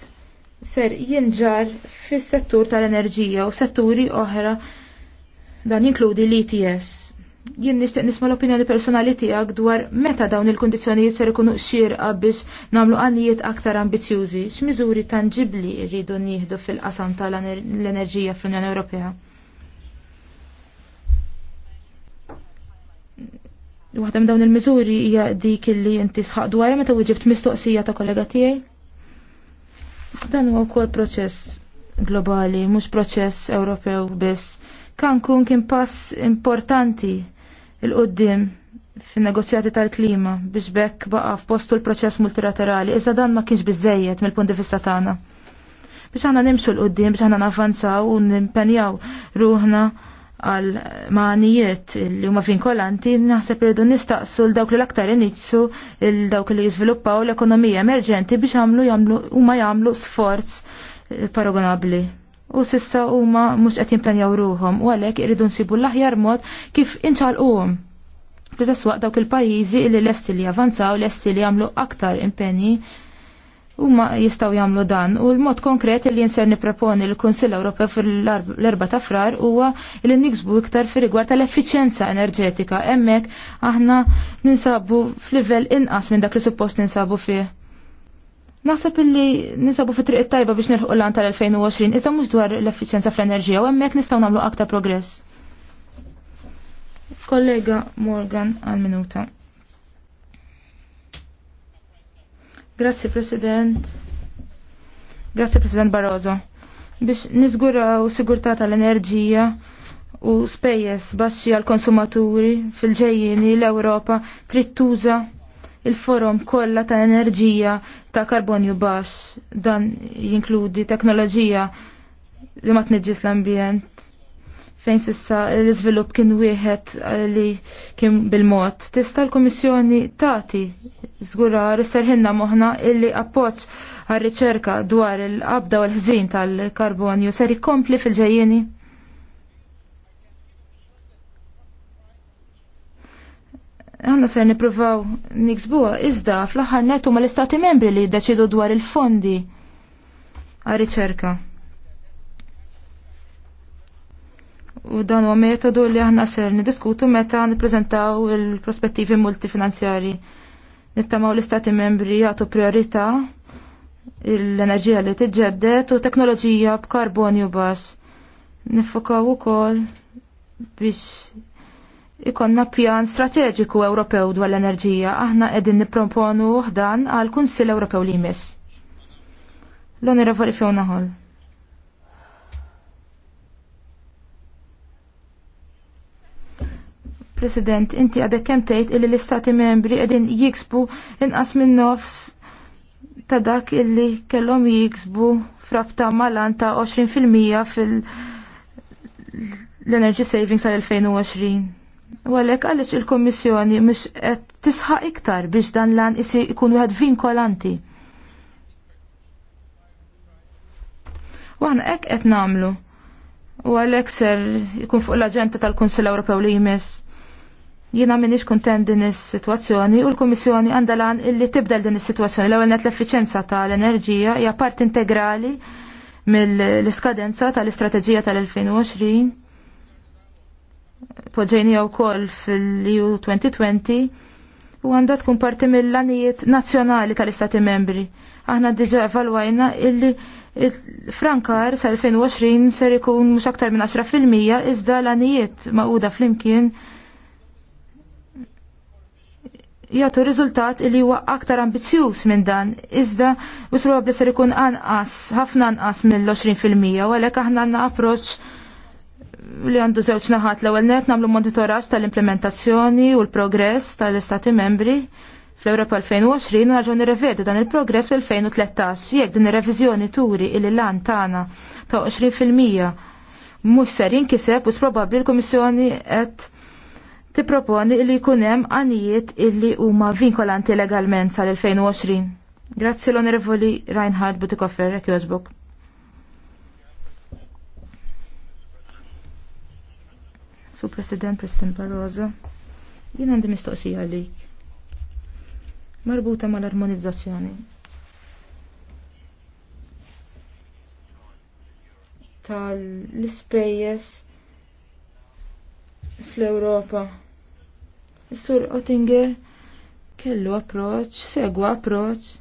ser jinġar fis-settur tal-enerġija u setturi oħra Dan jinkludi l-ETS. Jien nixtieq nisma' l-opinjoni personali tiegħek dwar meta dawn il-kundizzjonijiet ser ikunu xierqa biex nagħmlu għanijiet aktar ambizjużi, x'miżuri tanġibbli rridu nieħdu fil-qasam tal-enerġija fl-Unjoni Ewropea. Waħda minn dawn il-miżuri hija dik illi inti sħaq dwar meta wieġibt mistoqsija ta' kollega tiegħi. Dan huwa wkoll proċess globali, mhux proċess Ewropew biss Cancun kien pass importanti il-qoddim fin-negozjati tal-klima biex bekk baqa f'postu l-proċess multilaterali, iżda dan ma kienx biżejjed mill-punt di vista tagħna. Biex aħna nimxu l-qoddim, biex aħna navanzaw u nimpenjaw ruħna għal manijiet li huma vinkolanti, naħseb irridu nistaqsu l dawk li l-aktar inizzu l dawk li jiżviluppaw l-ekonomija emerġenti biex għamlu jagħmlu huma jagħmlu sforz paragonabli u sissa huma mhux qed jimplenjaw ruhom u għalhekk iridu nsibu l-aħjar mod kif inċalquhom. Fl-istess waqt dawk il-pajjiżi li lesti li javanzaw, lesti li jagħmlu aktar impenji huma jistgħu jagħmlu dan u l-mod konkret li jinser nipproponi l-Kunsill Ewropew fil-erba ta' frar huwa li niksbu iktar fi rigward tal efficienza enerġetika hemmhekk aħna ninsabu f'livell inqas minn dak li suppost ninsabu fih Naħseb illi nisabu fi triq tajba biex nilħu l għan tal-2020, iżda mhux dwar l efficienza fl-enerġija u hemmhekk nistgħu nagħmlu aktar progress. Kollega Morgan għal minuta. Grazzi President. Grazzi President Barroso. Biex niżguraw sigurtà tal-enerġija u spejjeż baxxi għall konsumaturi fil ġejjini l-Ewropa trid tuża il-forum kollha ta' enerġija ta' karbonju baxx. Dan jinkludi teknoloġija li ma tneġġis l-ambjent fejn sissa l-iżvilupp kien wieħed eh, li kien bil-mod. Tista' l-Kummissjoni tagħti żgurar isserħinna moħħna illi appoġġ għar-riċerka dwar il-qabda u l-ħżin tal-karbonju ser jikkompli fil-ġejjeni. Għanna ser nipruvaw niksbuha, iżda fl-aħħar netu ma l-istati membri li jiddeċidu dwar il-fondi għal riċerka. U dan huwa metodu li aħna ser niddiskutu meta nippreżentaw il-prospettivi multifinanzjari. Nittamaw l-istati membri jagħtu priorità l-enerġija li tiġġedded u teknoloġija b'karbonju baxx. Nifokaw ukoll biex ikonna pjan strateġiku Ewropew dwar l-enerġija aħna qegħdin nipproponu dan għal Kunsill Ewropew li jmiss. L-Onorevoli Fiona Hall. President, inti għadek kem tgħid illi l-istati membri qegħdin jiksbu inqas minn nofs ta' dak illi kellhom jiksbu frabta malan ta' 20% fil- l-Energy Savings għal 2020. U għalix għaliex il-Kummissjoni mux qed tisħaq iktar biex dan lan isi jkun wieħed vinkolanti. Għan ek hekk qed nagħmlu. U għalhekk ser ikun fuq l-aġenda tal-Kunsill Ewropew li jmiss. Jiena m'iniex kontent din is-sitwazzjoni u l-Kummissjoni għandha lan illi tibdel din is-sitwazzjoni l-ewwel net l-effiċenza tal-enerġija hija part integrali mill-iskadenza tal-istrateġija tal-2020 poġġejni u koll fil-EU 2020 u għandha tkun parti mill-lanijiet nazzjonali tal-Istati membri. Aħna diġa evalwajna illi frankar sa' 2020 ser ikun mhux aktar minn 10% iżda l-għanijiet fl flimkien jagħtu riżultat li huwa aktar ambizzjuż minn dan iżda wisru probabbli ser ikun anqas ħafna anqas mill-20% u għalhekk aħna għandna approċċ li għandu żewġ naħat l-ewwel net nagħmlu monitoraġġ tal-implementazzjoni u l-progress tal-Istati membri fl-Europa 2020 naġu nirrevedu dan il-progress fil-2013 jekk din ir-reviżjoni turi il-lan tagħna ta' 20% mhux ser jinkiseb u s-probabli l-Kummissjoni qed tipproponi li jkun hemm li u huma vinkolanti legalment sal-2020. Grazzi l-Onorevoli Reinhard Butikoffer, jekk Su President, President Barroso, jien għandi mistoqsija għalik. Marbuta mal-armonizzazzjoni. Tal-ispejjes fl-Europa. Sur Ottinger kellu approċ, segwa approċ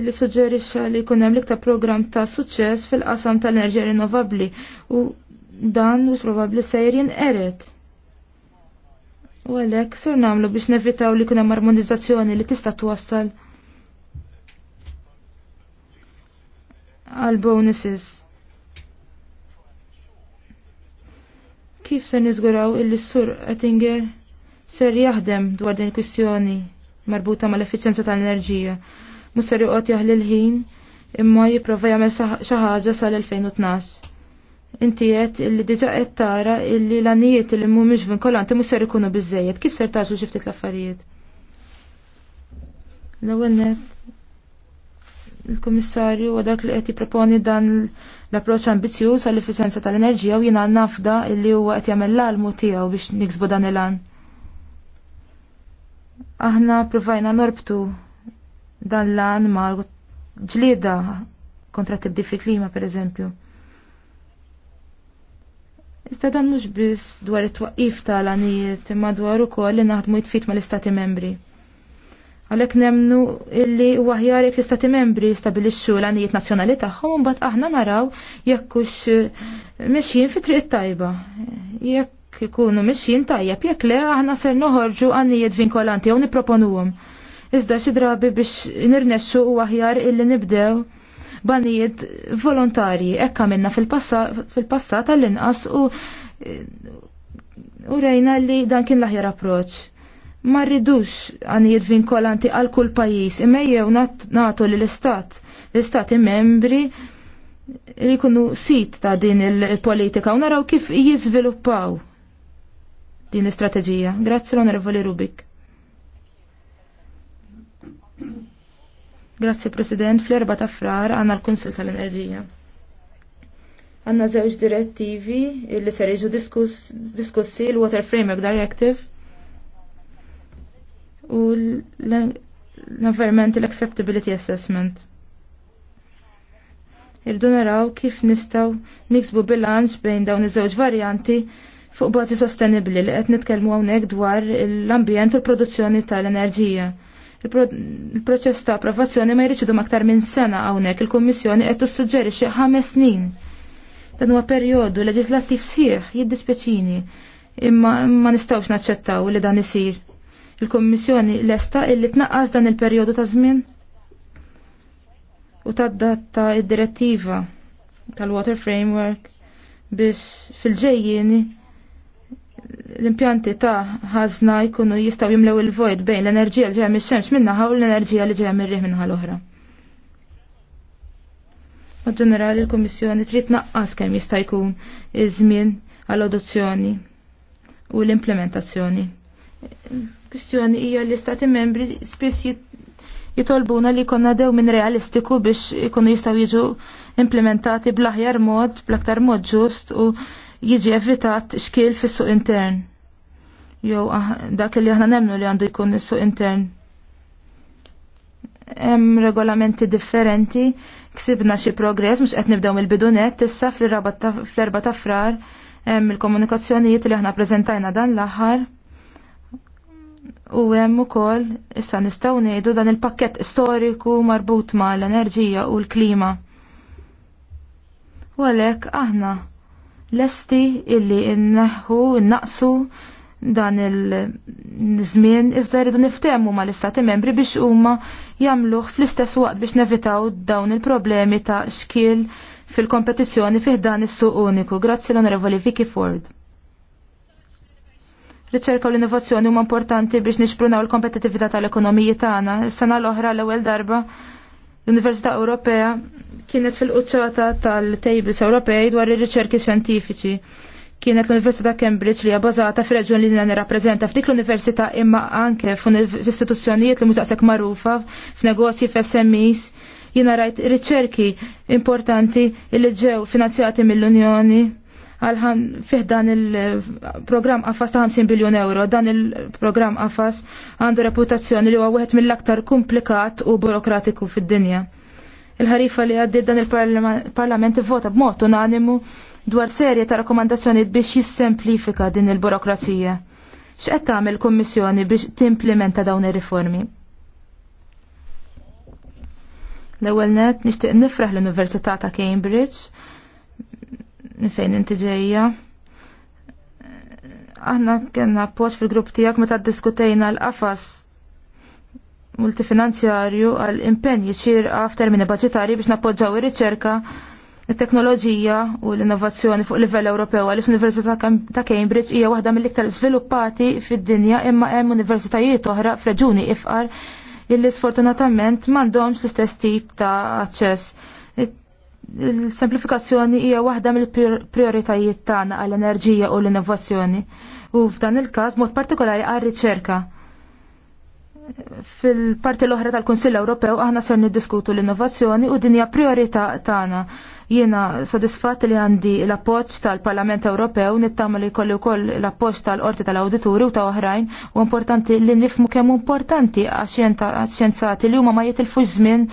illi suġġerixxa li jkun hemm l-iktar programm ta' suċċess fil-qasam tal-enerġija rinnovabbli u dan mhux probabbli sejr jinqeret. U għalhekk ser nagħmlu biex nevitaw li kuna hemm armonizzazzjoni li tista' twassal għal bonuses. Kif se niżguraw il-sur Ettinger ser jaħdem dwar din kwistjoni marbuta mal-effiċenza tal-enerġija. Mhux ser joqgħod jaħli l-ħin imma jipprova jagħmel xi ħaġa sal-2012. Inti qed illi diġà qed tara illi l għanijiet li mhumiex vinkolanti mhux ser ikunu biżejjed. Kif ser taġlu xi ftit l-affarijiet? L-ewwel il-Kummissarju u dak li qed jipproponi dan l-approċċ ambizzjuż għall effiċjenza tal-enerġija u jiena nafda illi huwa qed jagħmel l-almu tiegħu biex niksbu dan il għan Aħna provajna norbtu dan l għan ma' ġlieda kontra tibdi fi klima per eżempju. Iżda dan mhux biss dwar it-twaqqif tal-għanijiet imma dwar ukoll li naħdmu jitfit mal-istati membri. Għalhekk nemnu illi u aħjar jekk l-istati membri stabilixxu l-għanijiet nazzjonali tagħhom mbagħad aħna naraw jekk hux eh, mexjin fi triq tajba. Jekk ikunu mexjin tajjeb jekk le aħna ser noħorġu għanijiet vinkolanti jew nipproponuhom. Iżda xi drabi biex nirnexxu u aħjar illi nibdew banijiet volontarji ekk minna fil-passat għall inqas u u rejna li dan kien l-aħjar approċ. Ma rridux għanijiet vinkolanti għal kull pajis, imejjew natu li l-istat, l-istati membri li kunu sit ta' din il-politika u naraw kif jizviluppaw din l-istrateġija. Grazzi l-Onorevoli Rubik. Grazzi President, fl-erba ta' frar għanna l-Kunsil tal-Enerġija. Għanna żewġ direttivi li ser jiġu diskussi l-Water Framework Directive u l-Environmental Acceptability Assessment. Irdu naraw kif nistaw niksbu bilanċ bejn dawn iż-żewġ varjanti fuq bażi sostenibbli li qed nitkellmu hawnhekk dwar l-ambjent u l-produzzjoni tal-enerġija. Il-proċess ta' approvazzjoni ma jirriċidu aktar minn sena hawnhekk il-Kummissjoni qed xi ħames snin. Dan huwa perjodu leġislattiv sħiħ jiddispjaċini imma ma nistgħux naċċettaw li dan isir. Il-Kummissjoni lesta illi tnaqqas dan il-perjodu ta' żmien u tad-datta id-direttiva tal-Water Framework biex fil-ġejjieni l-impjanti ta' ħazna jkunu jistaw jimlew il-vojt bejn l-enerġija li ġeja mis-xemx minnaħa u l-enerġija li ġeja mir-riħ minnaħa l-oħra. Ma' ġenerali l-Komissjoni trid naqqas kemm jista' jkun iż-żmien għall-adozzjoni u l-implementazzjoni. Kwistjoni hija li stati membri spiss jitolbuna li konna dew minn realistiku biex ikunu jistaw jiġu implementati bl-aħjar mod, bl-aktar mod ġust u jiġi evitat xkiel fis-suq intern. Jew ah, dak li aħna nemnu li għandu jkun is-suq intern. Hemm regolamenti differenti, ksibna xi progress mhux qed nibdew mill-bidunet issa fl-erba ta' frar hemm il-komunikazzjonijiet li aħna preżentajna dan l-aħħar. U hemm ukoll issa nistgħu ngħidu dan il-pakkett storiku marbut mal-enerġija u l-klima. U għalhekk aħna lesti illi inneħu, innaqsu dan il-żmien iżda rridu ma mal-istati membri biex huma jagħmluh fl-istess waqt biex nevitaw dawn il-problemi ta' xkiel fil-kompetizzjoni fih dan is-suq uniku. Grazzi l-Onorevoli Vicky Ford. Riċerka u l-innovazzjoni huma importanti biex nixprunaw il kompetitività tal-ekonomiji tagħna. Is-sena l-oħra l-ewwel darba L-Università Ewropea kienet fil-quċċata tal-Tables Ewropej dwar ir-riċerki xjentifiċi. Kienet l-Università Cambridge li hija bażata fir-reġjun li jiena nirrappreżenta f'dik l-università imma anke f'istituzzjonijiet li mhux daqshekk magħrufa, f'negozji f'SMEs. Jiena rajt riċerki importanti li ġew finanzjati mill-Unjoni għalħan fih dan il-program eh, għafas ta' 50 biljon euro. Dan il-program għafas għandu reputazzjoni li huwa wieħed mill-aktar komplikat u burokratiku fid-dinja. Il-ħarifa li għaddi dan il-parlament vota b'mod unanimu dwar serje ta' rakkomandazzjoni biex jissemplifika din il-burokrazija. X'qed tagħmel kummissjoni biex timplementa dawn ir-riformi? L-ewwel net nixtieq nifraħ l-Università ta' Cambridge fejn inti ġejja. Aħna kena post fil-grupp tijak meta diskutejna l-qafas multifinanzjarju għal impenji xirqa f'termini budgetari biex nappoġġaw ir-riċerka it-teknoloġija u l-innovazzjoni fuq livell Ewropew għal università ta' Cambridge hija waħda mill-iktar żviluppati fid-dinja imma hemm universitajiet oħra f'reġuni ifqar illi sfortunatament m'għandhomx l-istess tip ta' aċċess il-semplifikazzjoni hija waħda mill-prioritajiet tagħna għall-enerġija u l-innovazzjoni. U f'dan il-każ mod partikolari għar-riċerka. Fil-parti l-oħra tal-Kunsill Ewropew aħna ser niddiskutu l-innovazzjoni u dinja priorità tagħna. Jiena sodisfatt li għandi l-appoġġ tal-Parlament Ewropew nittama li jkolli wkoll l-appoġġ tal-Qorti tal-Awdituri u ta' oħrajn u importanti li nifmu kemm importanti għax xjenzati li huma ma jitilfux żmien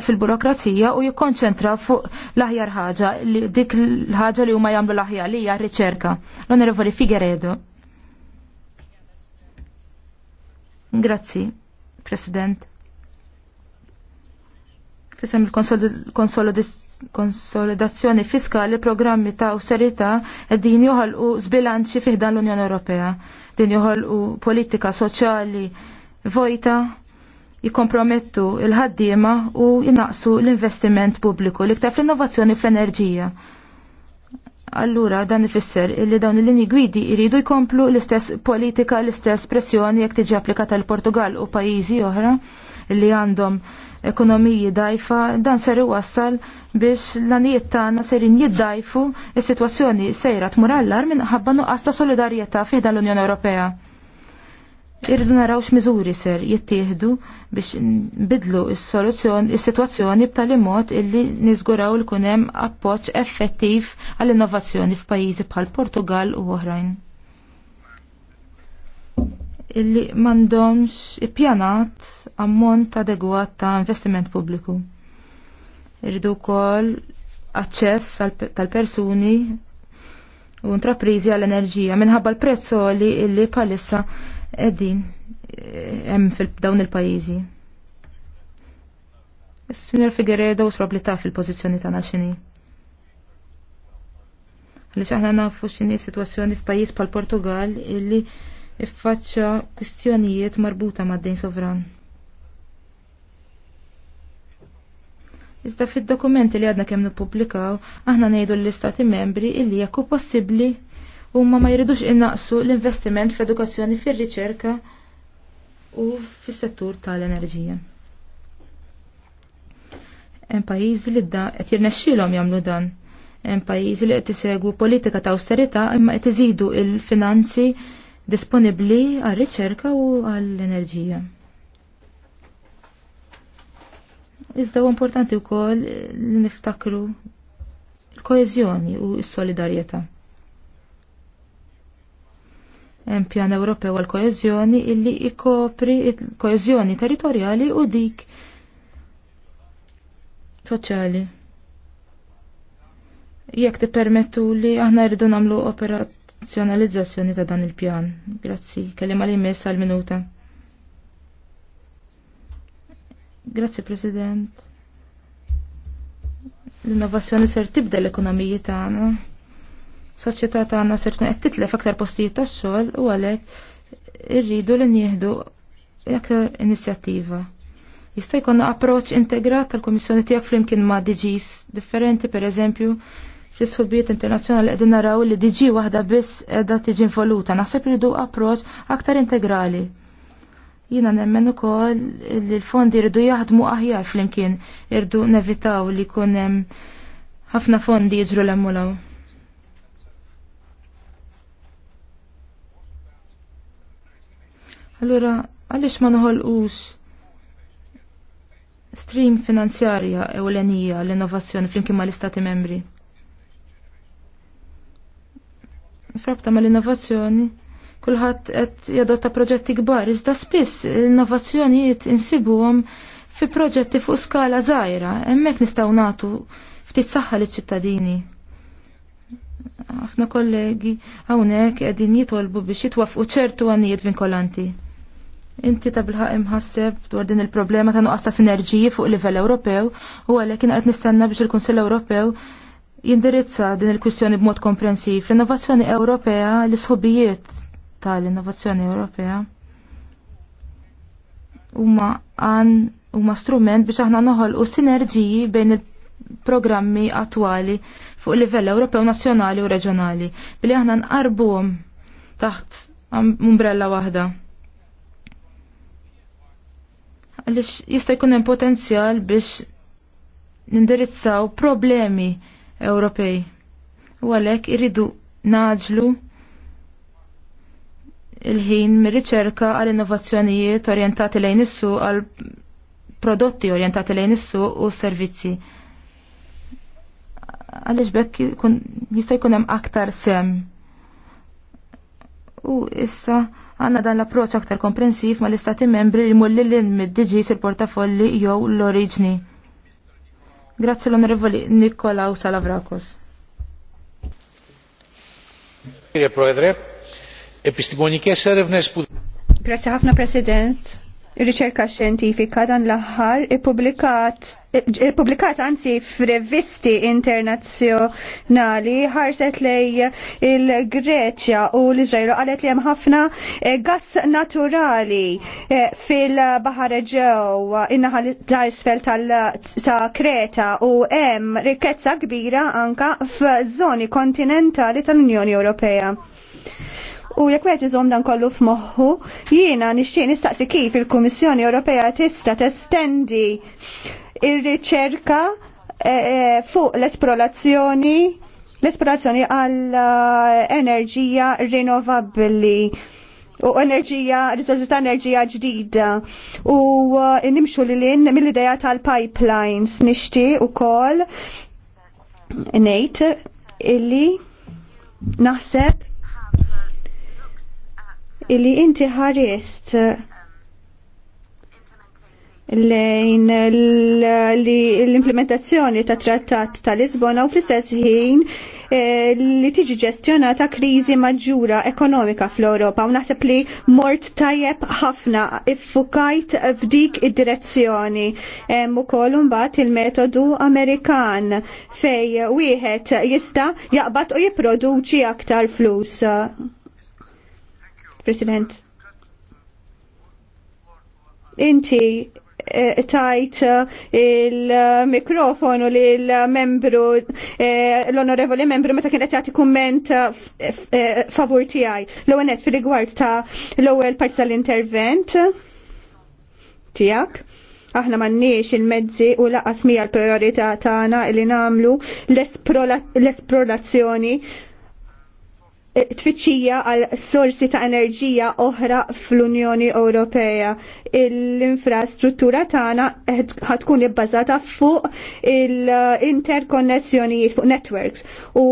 fil-burokrazija u jikkonċentra fuq l-aħjar ħaġa, dik l-ħaġa li huma jagħmlu l-aħjar li hija riċerka L-Onorevoli Figueredo. Grazzi, President. Fisem il-konsolidazzjoni fiskali, programmi ta' ed din joħolqu zbilanċi fiħdan l-Unjoni Ewropea. Din joħolqu politika soċjali vojta jikompromettu il-ħaddiema u jinaqsu l-investiment pubbliku l-iktar fl-innovazzjoni fl-enerġija. Allura dan ifisser illi dawn il-linji gwidi jridu jkomplu l-istess politika, l-istess pressjoni jekk tiġi applikata l portugal u pajjiżi oħra li għandhom ekonomiji dajfa, dan ser iwassal biex l-anijiet tagħna serin jiddajfu is-sitwazzjoni sejra tmur allar minħabba nuqqas ta' solidarjetà fih dan l-Unjoni Ewropea. Irridu naraw x'miżuri ser jittieħdu biex nbidlu s-soluzzjoni is-sitwazzjoni b'tali mod illi niżguraw li kunem hemm appoġġ effettiv għall-innovazzjoni f'pajjiżi bħal Portugal u oħrajn. Illi m'għandhomx ippjanat ammont adegwat ta' investiment pubbliku. Irridu wkoll aċċess tal-persuni u intrapriżi għall-enerġija minħabba l-prezzoli illi palissa qegħdin hemm fil-dawn il-pajjiżi. Is-Sinjor Figueredo li taf il-pożizzjoni ta' x'inhi. Għaliex aħna nafu x'inhi sitwazzjoni f'pajjiż pal Portugal illi iffaċċa kwistjonijiet marbuta mad-dejn sovran. Iżda fid-dokumenti li għadna kemm nippubblikaw, aħna ngħidu l-istati membri illi jekk possibbli huma ma jridux innaqsu l-investiment fl-edukazzjoni fir-riċerka u fis-settur tal-enerġija. Hemm pajjiżi li da qed jirnexxielhom jagħmlu dan. Hemm pajjiżi li qed isegwu politika ta' awsterità imma qed iżidu l finanzi disponibbli għar-riċerka u għall-enerġija. Iżda huwa importanti wkoll li niftakru l-koeżjoni u s-solidarjetà. Hemm pjan Ewropew għal koeżjoni illi ikopri koeżjoni territorjali u dik soċjali. Jekk tippermettu li aħna rridu nagħmlu operazzjonalizzazzjoni ta' dan il-pjan. Grazzi, kellim li jmiss għal minuta. Grazzi President. L-innovazzjoni ser tibda l-ekonomiji tagħna soċjetà tagħna ser tkun qed titlef aktar postijiet tax-xogħol u għalhekk irridu li nieħdu aktar inizjattiva. Jista' jkollna approċċ integrat tal-Kummissjoni tiegħek flimkien ma' DGs differenti pereżempju fl-isħubijiet internazzjonali qegħdin naraw li DG waħda biss qiegħda tiġi involuta. Naħseb iridu approċċ aktar integrali. Jiena nemmen ukoll li l-fondi jridu jaħdmu aħjar flimkien, irdu nevitaw li jkun hemm ħafna fondi jiġru l-emmulaw. Allura, għaliex ma noħolqux stream finanzjarja ewlenija l-innovazzjoni flimkien mal istati membri? Frabta mal innovazzjoni kulħadd qed jadotta proġetti kbar, iżda spiss l-innovazzjonijiet insibuhom fi proġetti fuq skala żgħira, hemmhekk nistgħu nagħtu ftit saħħa liċ-ċittadini ħafna kollegi hawnhekk qegħdin jitolbu biex jitwafqu ċertu għanijiet vinkolanti. Inti ta' bilħaq imħasseb dwar din il-problema ta' nuqqas ta' sinerġiji fuq livell Ewropew u għalhekk kien qed nistenna biex il-Kunsill Ewropew jindirizza din il-kwistjoni b'mod komprensiv. L-innovazzjoni Ewropea, l-isħobijiet tal-innovazzjoni Ewropea huma għan huma strument biex aħna noħolqu sinerġiji bejn il-programmi attwali fuq livell Ewropew nazzjonali u reġjonali billi aħna nqarbuhom taħt umbrella waħda għaliex jista' jkun hemm potenzjal biex nindirizzaw problemi Ewropej. U għalhekk iridu naġlu il-ħin mir-riċerka għal innovazzjonijiet orjentati lejn is għal prodotti orjentati lejn is u servizzi. Għaliex bekk jista' jkun hemm aktar sem. U issa Għanna dan l-approċ aktar komprensiv ma l-istati membri li mulli l mid-DGs il-portafolli jew l-oriġni. Grazzi l-onorevoli Nikolaw Salavrakos. Grazie ħafna President riċerka xjentifika dan l-aħħar ippubblikat anzi f'revisti internazzjonali ħarset lej il-Greċja u l-Iżraelu qalet li hemm ħafna eh, gass naturali eh, fil-Baħar Ġew in-naħa ta' isfel ta' Kreta u hemm rikkezza kbira anka f'żoni kontinentali tal-Unjoni Ewropea. U jekk wieħed iżomm dan kollu f'moħħu, jiena nixtieq nistaqsi kif il-Kummissjoni Ewropea tista' testendi ir-riċerka eh, eh, fuq l-esplorazzjoni l-esplorazzjoni għall eh, enerġija rinnovabbli u enerġija, risorsi ta' enerġija ġdida u nimxu li l-in mill-ideja tal-pipelines nixti u kol nejt illi naħseb illi inti ħarist lejn l-implementazzjoni ta' trattat ta' Lisbona u fl-istess ħin eh, li tiġi ġestjonata kriżi maġġura ekonomika fl-Ewropa u naħseb li mort tajjeb ħafna iffukajt f'dik id-direzzjoni. Hemm ukoll imbagħad il-metodu Amerikan fej wieħed jista' jaqbad u jipproduċi aktar flus. President. Inti tajt il-mikrofonu l-membru, l-onorevoli membru, meta kienet jagħti kumment favur tiegħi. L-ewwel fil rigward ta' l-ewwel parti tal-intervent tiegħek. Aħna m'għandniex il-mezzi u laqas mija l-priorità tagħna li nagħmlu l-esplorazzjoni l esplorazzjoni tfittxija għal sorsi ta' enerġija oħra fl-Unjoni Ewropea. L-infrastruttura tagħna ħatkun ibbażata fuq il-interkonnessjonijiet fuq networks. U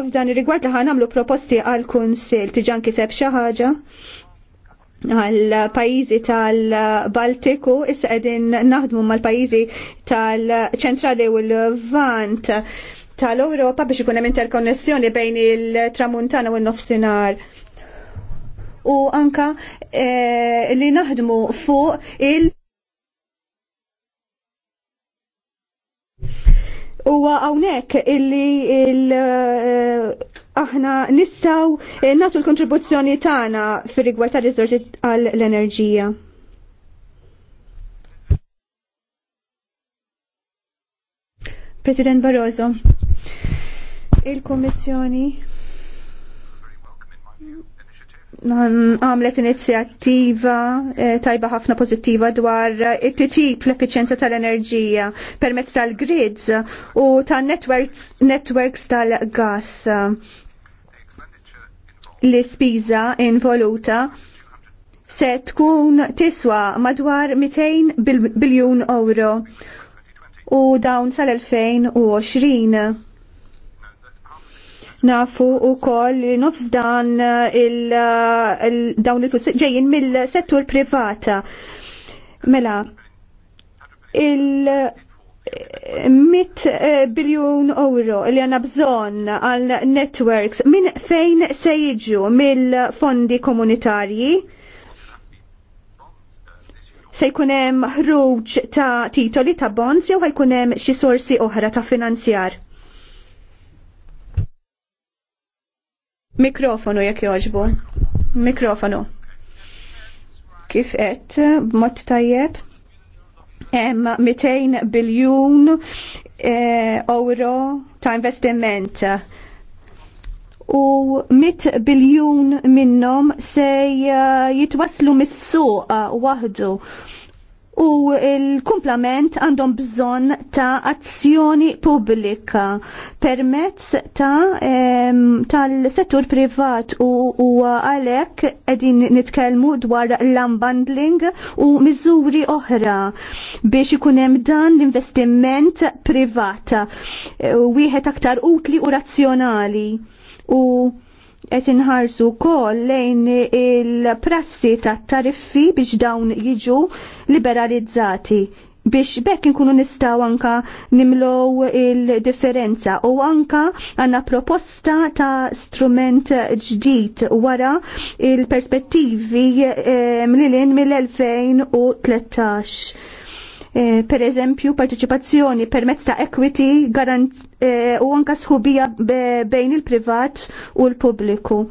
f'dan ir-rigward aħna nagħmlu proposti għal kunsil tiġan kiseb xi ħaġa għal pajizi tal-Baltiku, issa qegħdin naħdmu mal-pajizi tal-ċentrali u l-Vant tal-Ewropa biex ikun hemm interkonnessjoni bejn il-tramuntana u n-nofsinhar u anka eh, li naħdmu fuq il- U għawnek illi il, eh, aħna nissaw eh, natu l-kontribuzzjoni tagħna fir rigward tal riżorsi għall enerġija President Barroso, Il-Kommissjoni għamlet inizjattiva eh, tajba ħafna pozittiva dwar eh, it-titip l-efficienza tal-enerġija permezz tal-grids u tal-networks tal-gas l-spiża involuta se tkun tiswa madwar 200 biljun euro u dawn sal-2020 Nafu u koll li nofs dan eh, il-dawn eh, il-fus ġejjin mill-settur privata. Mela, il- eh, mit biljun euro li għanna bżon għal networks minn fejn se jiġu mill-fondi komunitarji se jkun hemm ħruġ ta' titoli ta' bonds jew ħajkun hemm xi sorsi oħra ta' finanzjar. Mikrofonu jekk joġbu. Mikrofonu. Kif qed b'mod tajjeb? Hemm 200 biljun eh, euro ta' investiment u 100 biljun minnhom se eh, jitwaslu mis-suq eh, waħdu u il-kumplament għandhom bżonn ta' azzjoni pubblika permezz ta' tal-settur privat u għalhekk qegħdin nitkellmu dwar l-unbundling u miżuri oħra biex ikun hemm dan l-investiment privat e, wieħed aktar utli u razzjonali u qed inħarsu wkoll lejn il-prassi tat-tariffi biex dawn jiġu liberalizzati biex bekk nkunu nistaw anka nimlow il-differenza u anka għanna proposta ta' strument ġdid wara il-perspettivi eh, mlilin mill-2013 Eh, per eżempju parteċipazzjoni permezz ta' equity garant, eh, u anka sħubija bejn il-privat u l-pubbliku.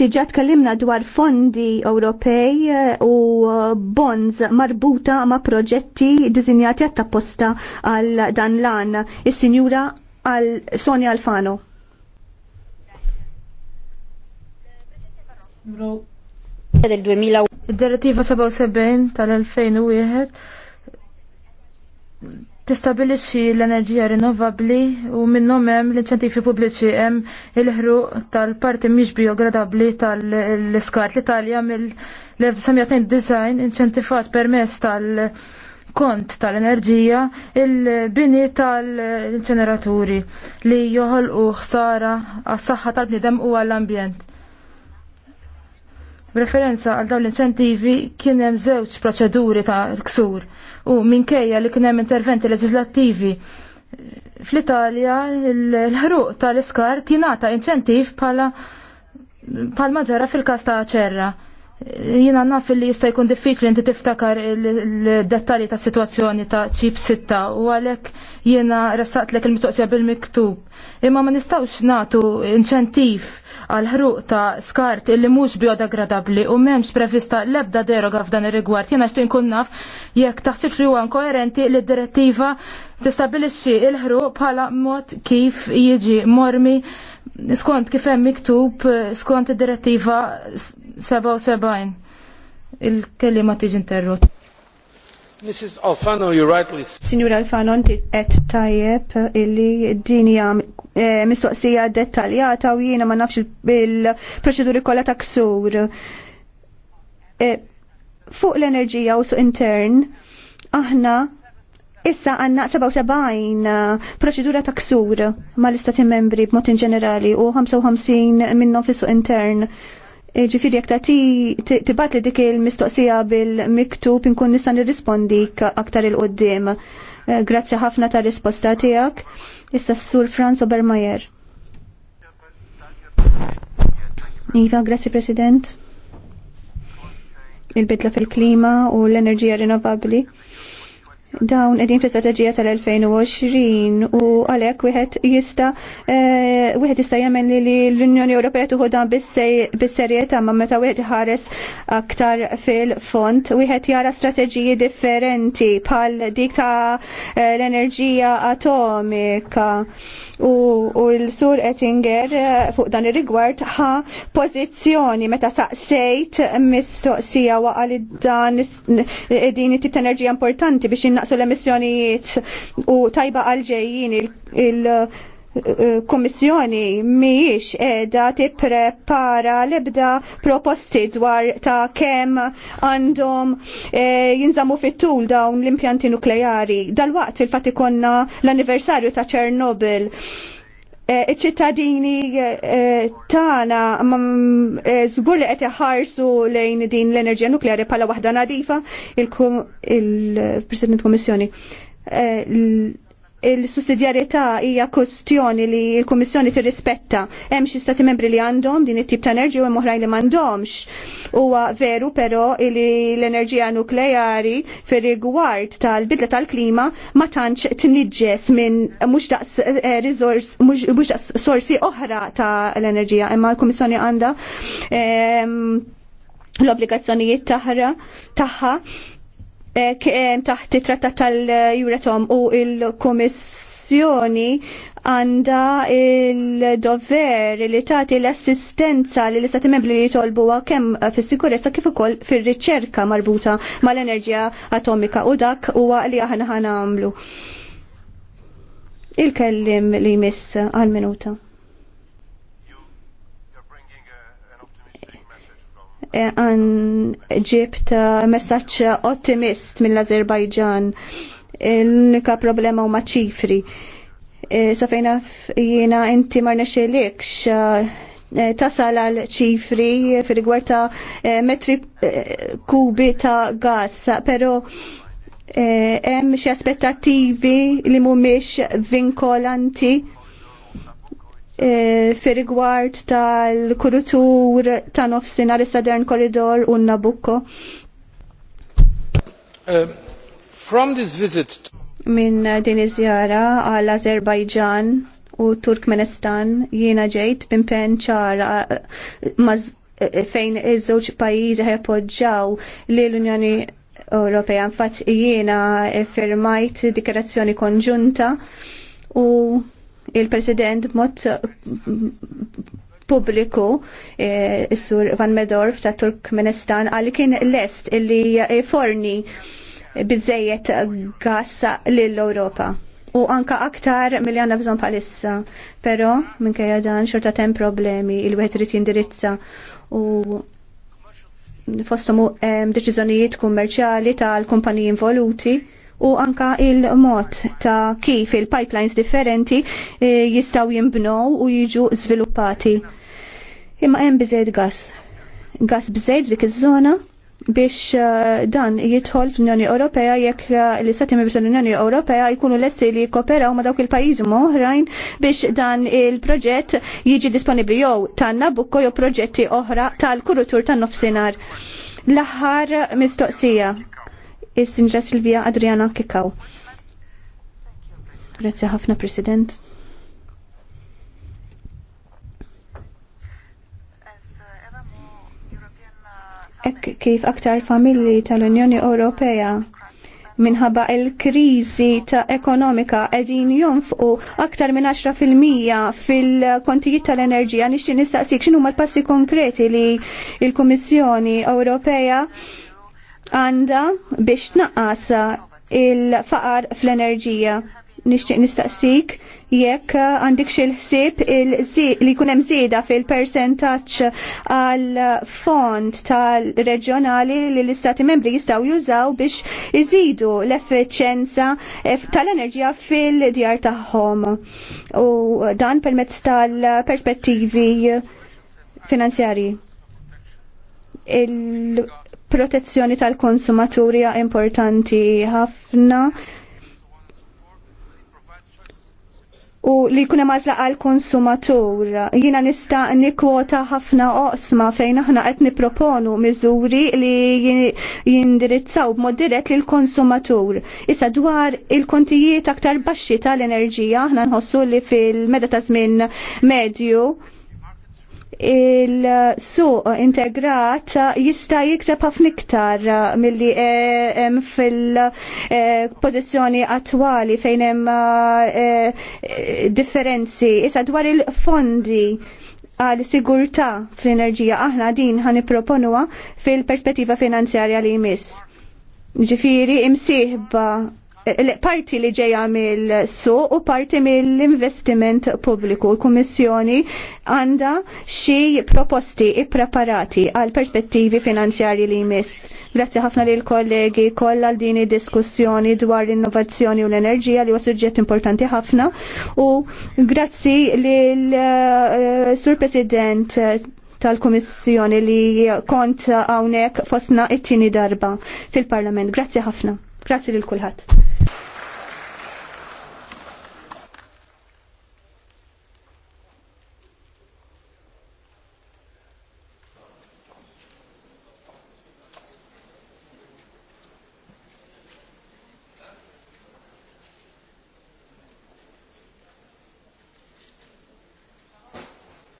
Tiġa tkellimna dwar fondi Ewropej eh, u eh, bonds marbuta ma' proġetti dizinjati għat-tapposta għal dan lan. Is-sinjura għal Sonia Alfano. Del Id-direttiva 77 tal-2001 tistabilixxi l-enerġija rinnovabbli u minnhom hemm l-inċentifi pubbliċi hemm il-ħruq tal-parti mhix biogradabbli tal-iskart l-Italja mill-1992 inċentifat permess tal-kont tal-enerġija il-bini tal-inċeneraturi li joħolqu ħsara għas-saħħa tal-bniedem u għall-ambjent. B'referenza għal dawn l-inċentivi kien hemm żewġ proċeduri ta' ksur u minkejja li kien hemm interventi leġislattivi fl-Italja l-ħruq tal-iskart jingħata inċentiv bħala bħal ġara fil-kas ta' ċerra. Jina naf li jista' jkun diffiċli inti tiftakar il-dettalji ta' situazzjoni ta' ċip sitta u għalhekk jiena rassat lek il mitoqsija bil-miktub. Imma ma nistgħux nagħtu inċentiv għal ħruq ta' skart illi mhux biodegradabbli u m'hemmx prevista l-ebda deroga f'dan ir-rigward. jina xtieq nkun naf jekk taħsibx li huwa inkoerenti li d-direttiva tistabilixxi l ħruq bħala mod kif jiġi mormi skont kif hemm miktub skont id-direttiva 77 il-kelliema tiġi interrot. Mrs. Alfano, you rightly Signor Alfano, qed tajjeb illi din hija eh, mistoqsija dettaljata u jiena ma nafx il-proċeduri kollha ta' ksur. Eh, fuq l-enerġija u suq intern aħna Issa għanna 77 uh, proċedura ta' ksur mal-istati membri b'mod in ġenerali u 55 minnhom fissu intern. E, ġifiri, jek ta' tibat li dik il-mistoqsija bil-miktub inkun nista' nirrispondi aktar il-qoddim. E, grazzi ħafna ta' risposta tiegħek. Issa s-sur Franz Obermajer. Iva, grazzi President. Il-bidla fil-klima u l-enerġija rinnovabli dawn edin fl istrateġija tal-2020 u għalek wieħed jista eh, wieħed jista jemmen li l-Unjoni Ewropea tuħu dan bis-serjetà ma meta wieħed ħares aktar fil-font wieħed jara strateġiji differenti bħal dik ta' eh, l-enerġija atomika u l-sur Ettinger eh, fuq dan ir-rigward ħa pożizzjoni meta saqsejt mistoqsija waqal id dan din it-tip ta' enerġija importanti biex jinnaqsu l-emissjonijiet u tajba għal ġejjin il- Kommissjoni miex edha tipprepara l-ebda proposti dwar ta' kem għandhom e, jinżammu jinżamu fit-tul dawn l-impjanti nukleari. Dal-waqt fil-fat ikonna l-anniversarju ta' Ċernobil. E, iċ-ċittadini tana e, zgur tagħna mm, żgur li qed iħarsu lejn din l-enerġija nukleari bħala waħda nadifa il-President Kommissjoni il-sussidjarjetà hija kwestjoni li l-Kummissjoni tirrispetta. Hemm xi stati membri li għandhom din it-tip ta' enerġija u hemm oħrajn li m'għandhomx. Huwa veru però li l-enerġija nukleari fir-rigward tal-bidla tal-klima ma tantx tniġġes minn mhux daqs eh, mhux daqs sorsi oħra ta' l-enerġija imma l-Kummissjoni għandha ehm, l-obbligazzjonijiet taħra tagħha kien eh, taħt it-trattat tal-Juratom u il-Komissjoni għanda il-dover li tagħti l-assistenza li l-istati membri li jitolbuha kemm eh, fis-sikurezza kif ukoll fir-riċerka marbuta mal-enerġija atomika u dak huwa li aħna ħanamlu. Il-kellim li jmiss għal-minuta. għan ġibt messaċ ottimist mill-Azerbajġan. L-unika problema huma ċifri. E, Safejna jiena inti ma rnexxelekx e, tasal għal ċifri fil ta' e, metri kubi ta' gas, pero hemm xi aspettattivi li mhumiex vinkolanti E, fir rigward tal-kurutur ta' nofsinhar is-Southern Corridor u Nabucco. E, from this visit Min din iżjara għal Azerbajġan u Turkmenistan jiena ġejt bimpen ċara fejn iż-żewġ pajjiżi ħepoġġaw li l-Unjoni Ewropea. Infatt jiena firmajt dikerazzjoni konġunta u il-President mod mm, pubbliku eh, is-sur Van Medorf ta' Turkmenistan għal kien lest illi forni bizzejiet gas lill-Europa. U anka aktar milli għanna bżon palissa, pero minn kajja dan xorta tem problemi il wet irid jindirizza u fostomu hemm deċiżjonijiet kummerċjali tal-kumpaniji involuti u anka il-mod ta' kif il-pipelines differenti eh, jistaw jimbnow u jiġu sviluppati. Imma hemm biżejt gas. Gas biżejt dik iż-żona biex eh, dan jidħol fl-Unjoni Ewropea jekk eh, l-Istati Uniti tal-Unjoni Ewropea jkunu lesti li jkoperaw ma dawk il-pajjiżi oħrajn biex dan il-proġett jiġi disponibbli jew tan Nabucco jew proġetti oħra tal-kurutur tan-nofsinhar. L-aħħar mistoqsija is-Sinġa Silvia Adriana Kikaw. Grazie ħafna, President. Ek kif aktar familji tal-Unjoni Ewropea minħabba il-krizi ta' ekonomika edin jonfqu aktar minn 10% fil-kontijiet tal-enerġija nixti nistaqsik x'inhuma l-passi konkreti li l-Kummissjoni Ewropea għanda biex naqasa il-faqar fl-enerġija. Nixtieq nistaqsik jekk għandik xil ħsieb li jkun hemm żieda fil-persentaġġ għal fond tal-reġjonali li l-istati membri jistgħu jużaw biex iżidu l efficienza tal-enerġija fil-djar tagħhom. U dan permezz tal-perspettivi finanzjarji protezzjoni tal-konsumaturi importanti ħafna u li kuna mażla għal konsumatur Jiena nista' nikkwota ħafna oqsma fejn aħna qed nipproponu miżuri li jindirizzaw b'mod dirett lil konsumatur. Issa dwar il-kontijiet aktar baxxi tal-enerġija aħna nħossu li fil-meda ta' żmien medju il-suq integrat jista' jikseb ħafna iktar milli hemm eh, fil-pożizzjoni eh, attwali fejn hemm eh, differenzi issa dwar il-fondi għal sigurtà fl-enerġija aħna din ħanipproponuha fil-perspettiva finanzjarja li jmiss. Ġifiri imsieħba parti li ġeja mill-su u parti mill-investiment pubbliku. L-Kummissjoni għanda xi proposti ippreparati għal perspettivi finanzjarji li jmiss. Grazzi ħafna lil kollegi kollha għal din diskussjoni dwar l-innovazzjoni u l-enerġija li huwa suġġett importanti ħafna u grazzi lil eh, Sur President tal-Kummissjoni li kont hawnhekk fosna it-tieni darba fil-Parlament. Grazzi ħafna. Grazzi lil kulħadd.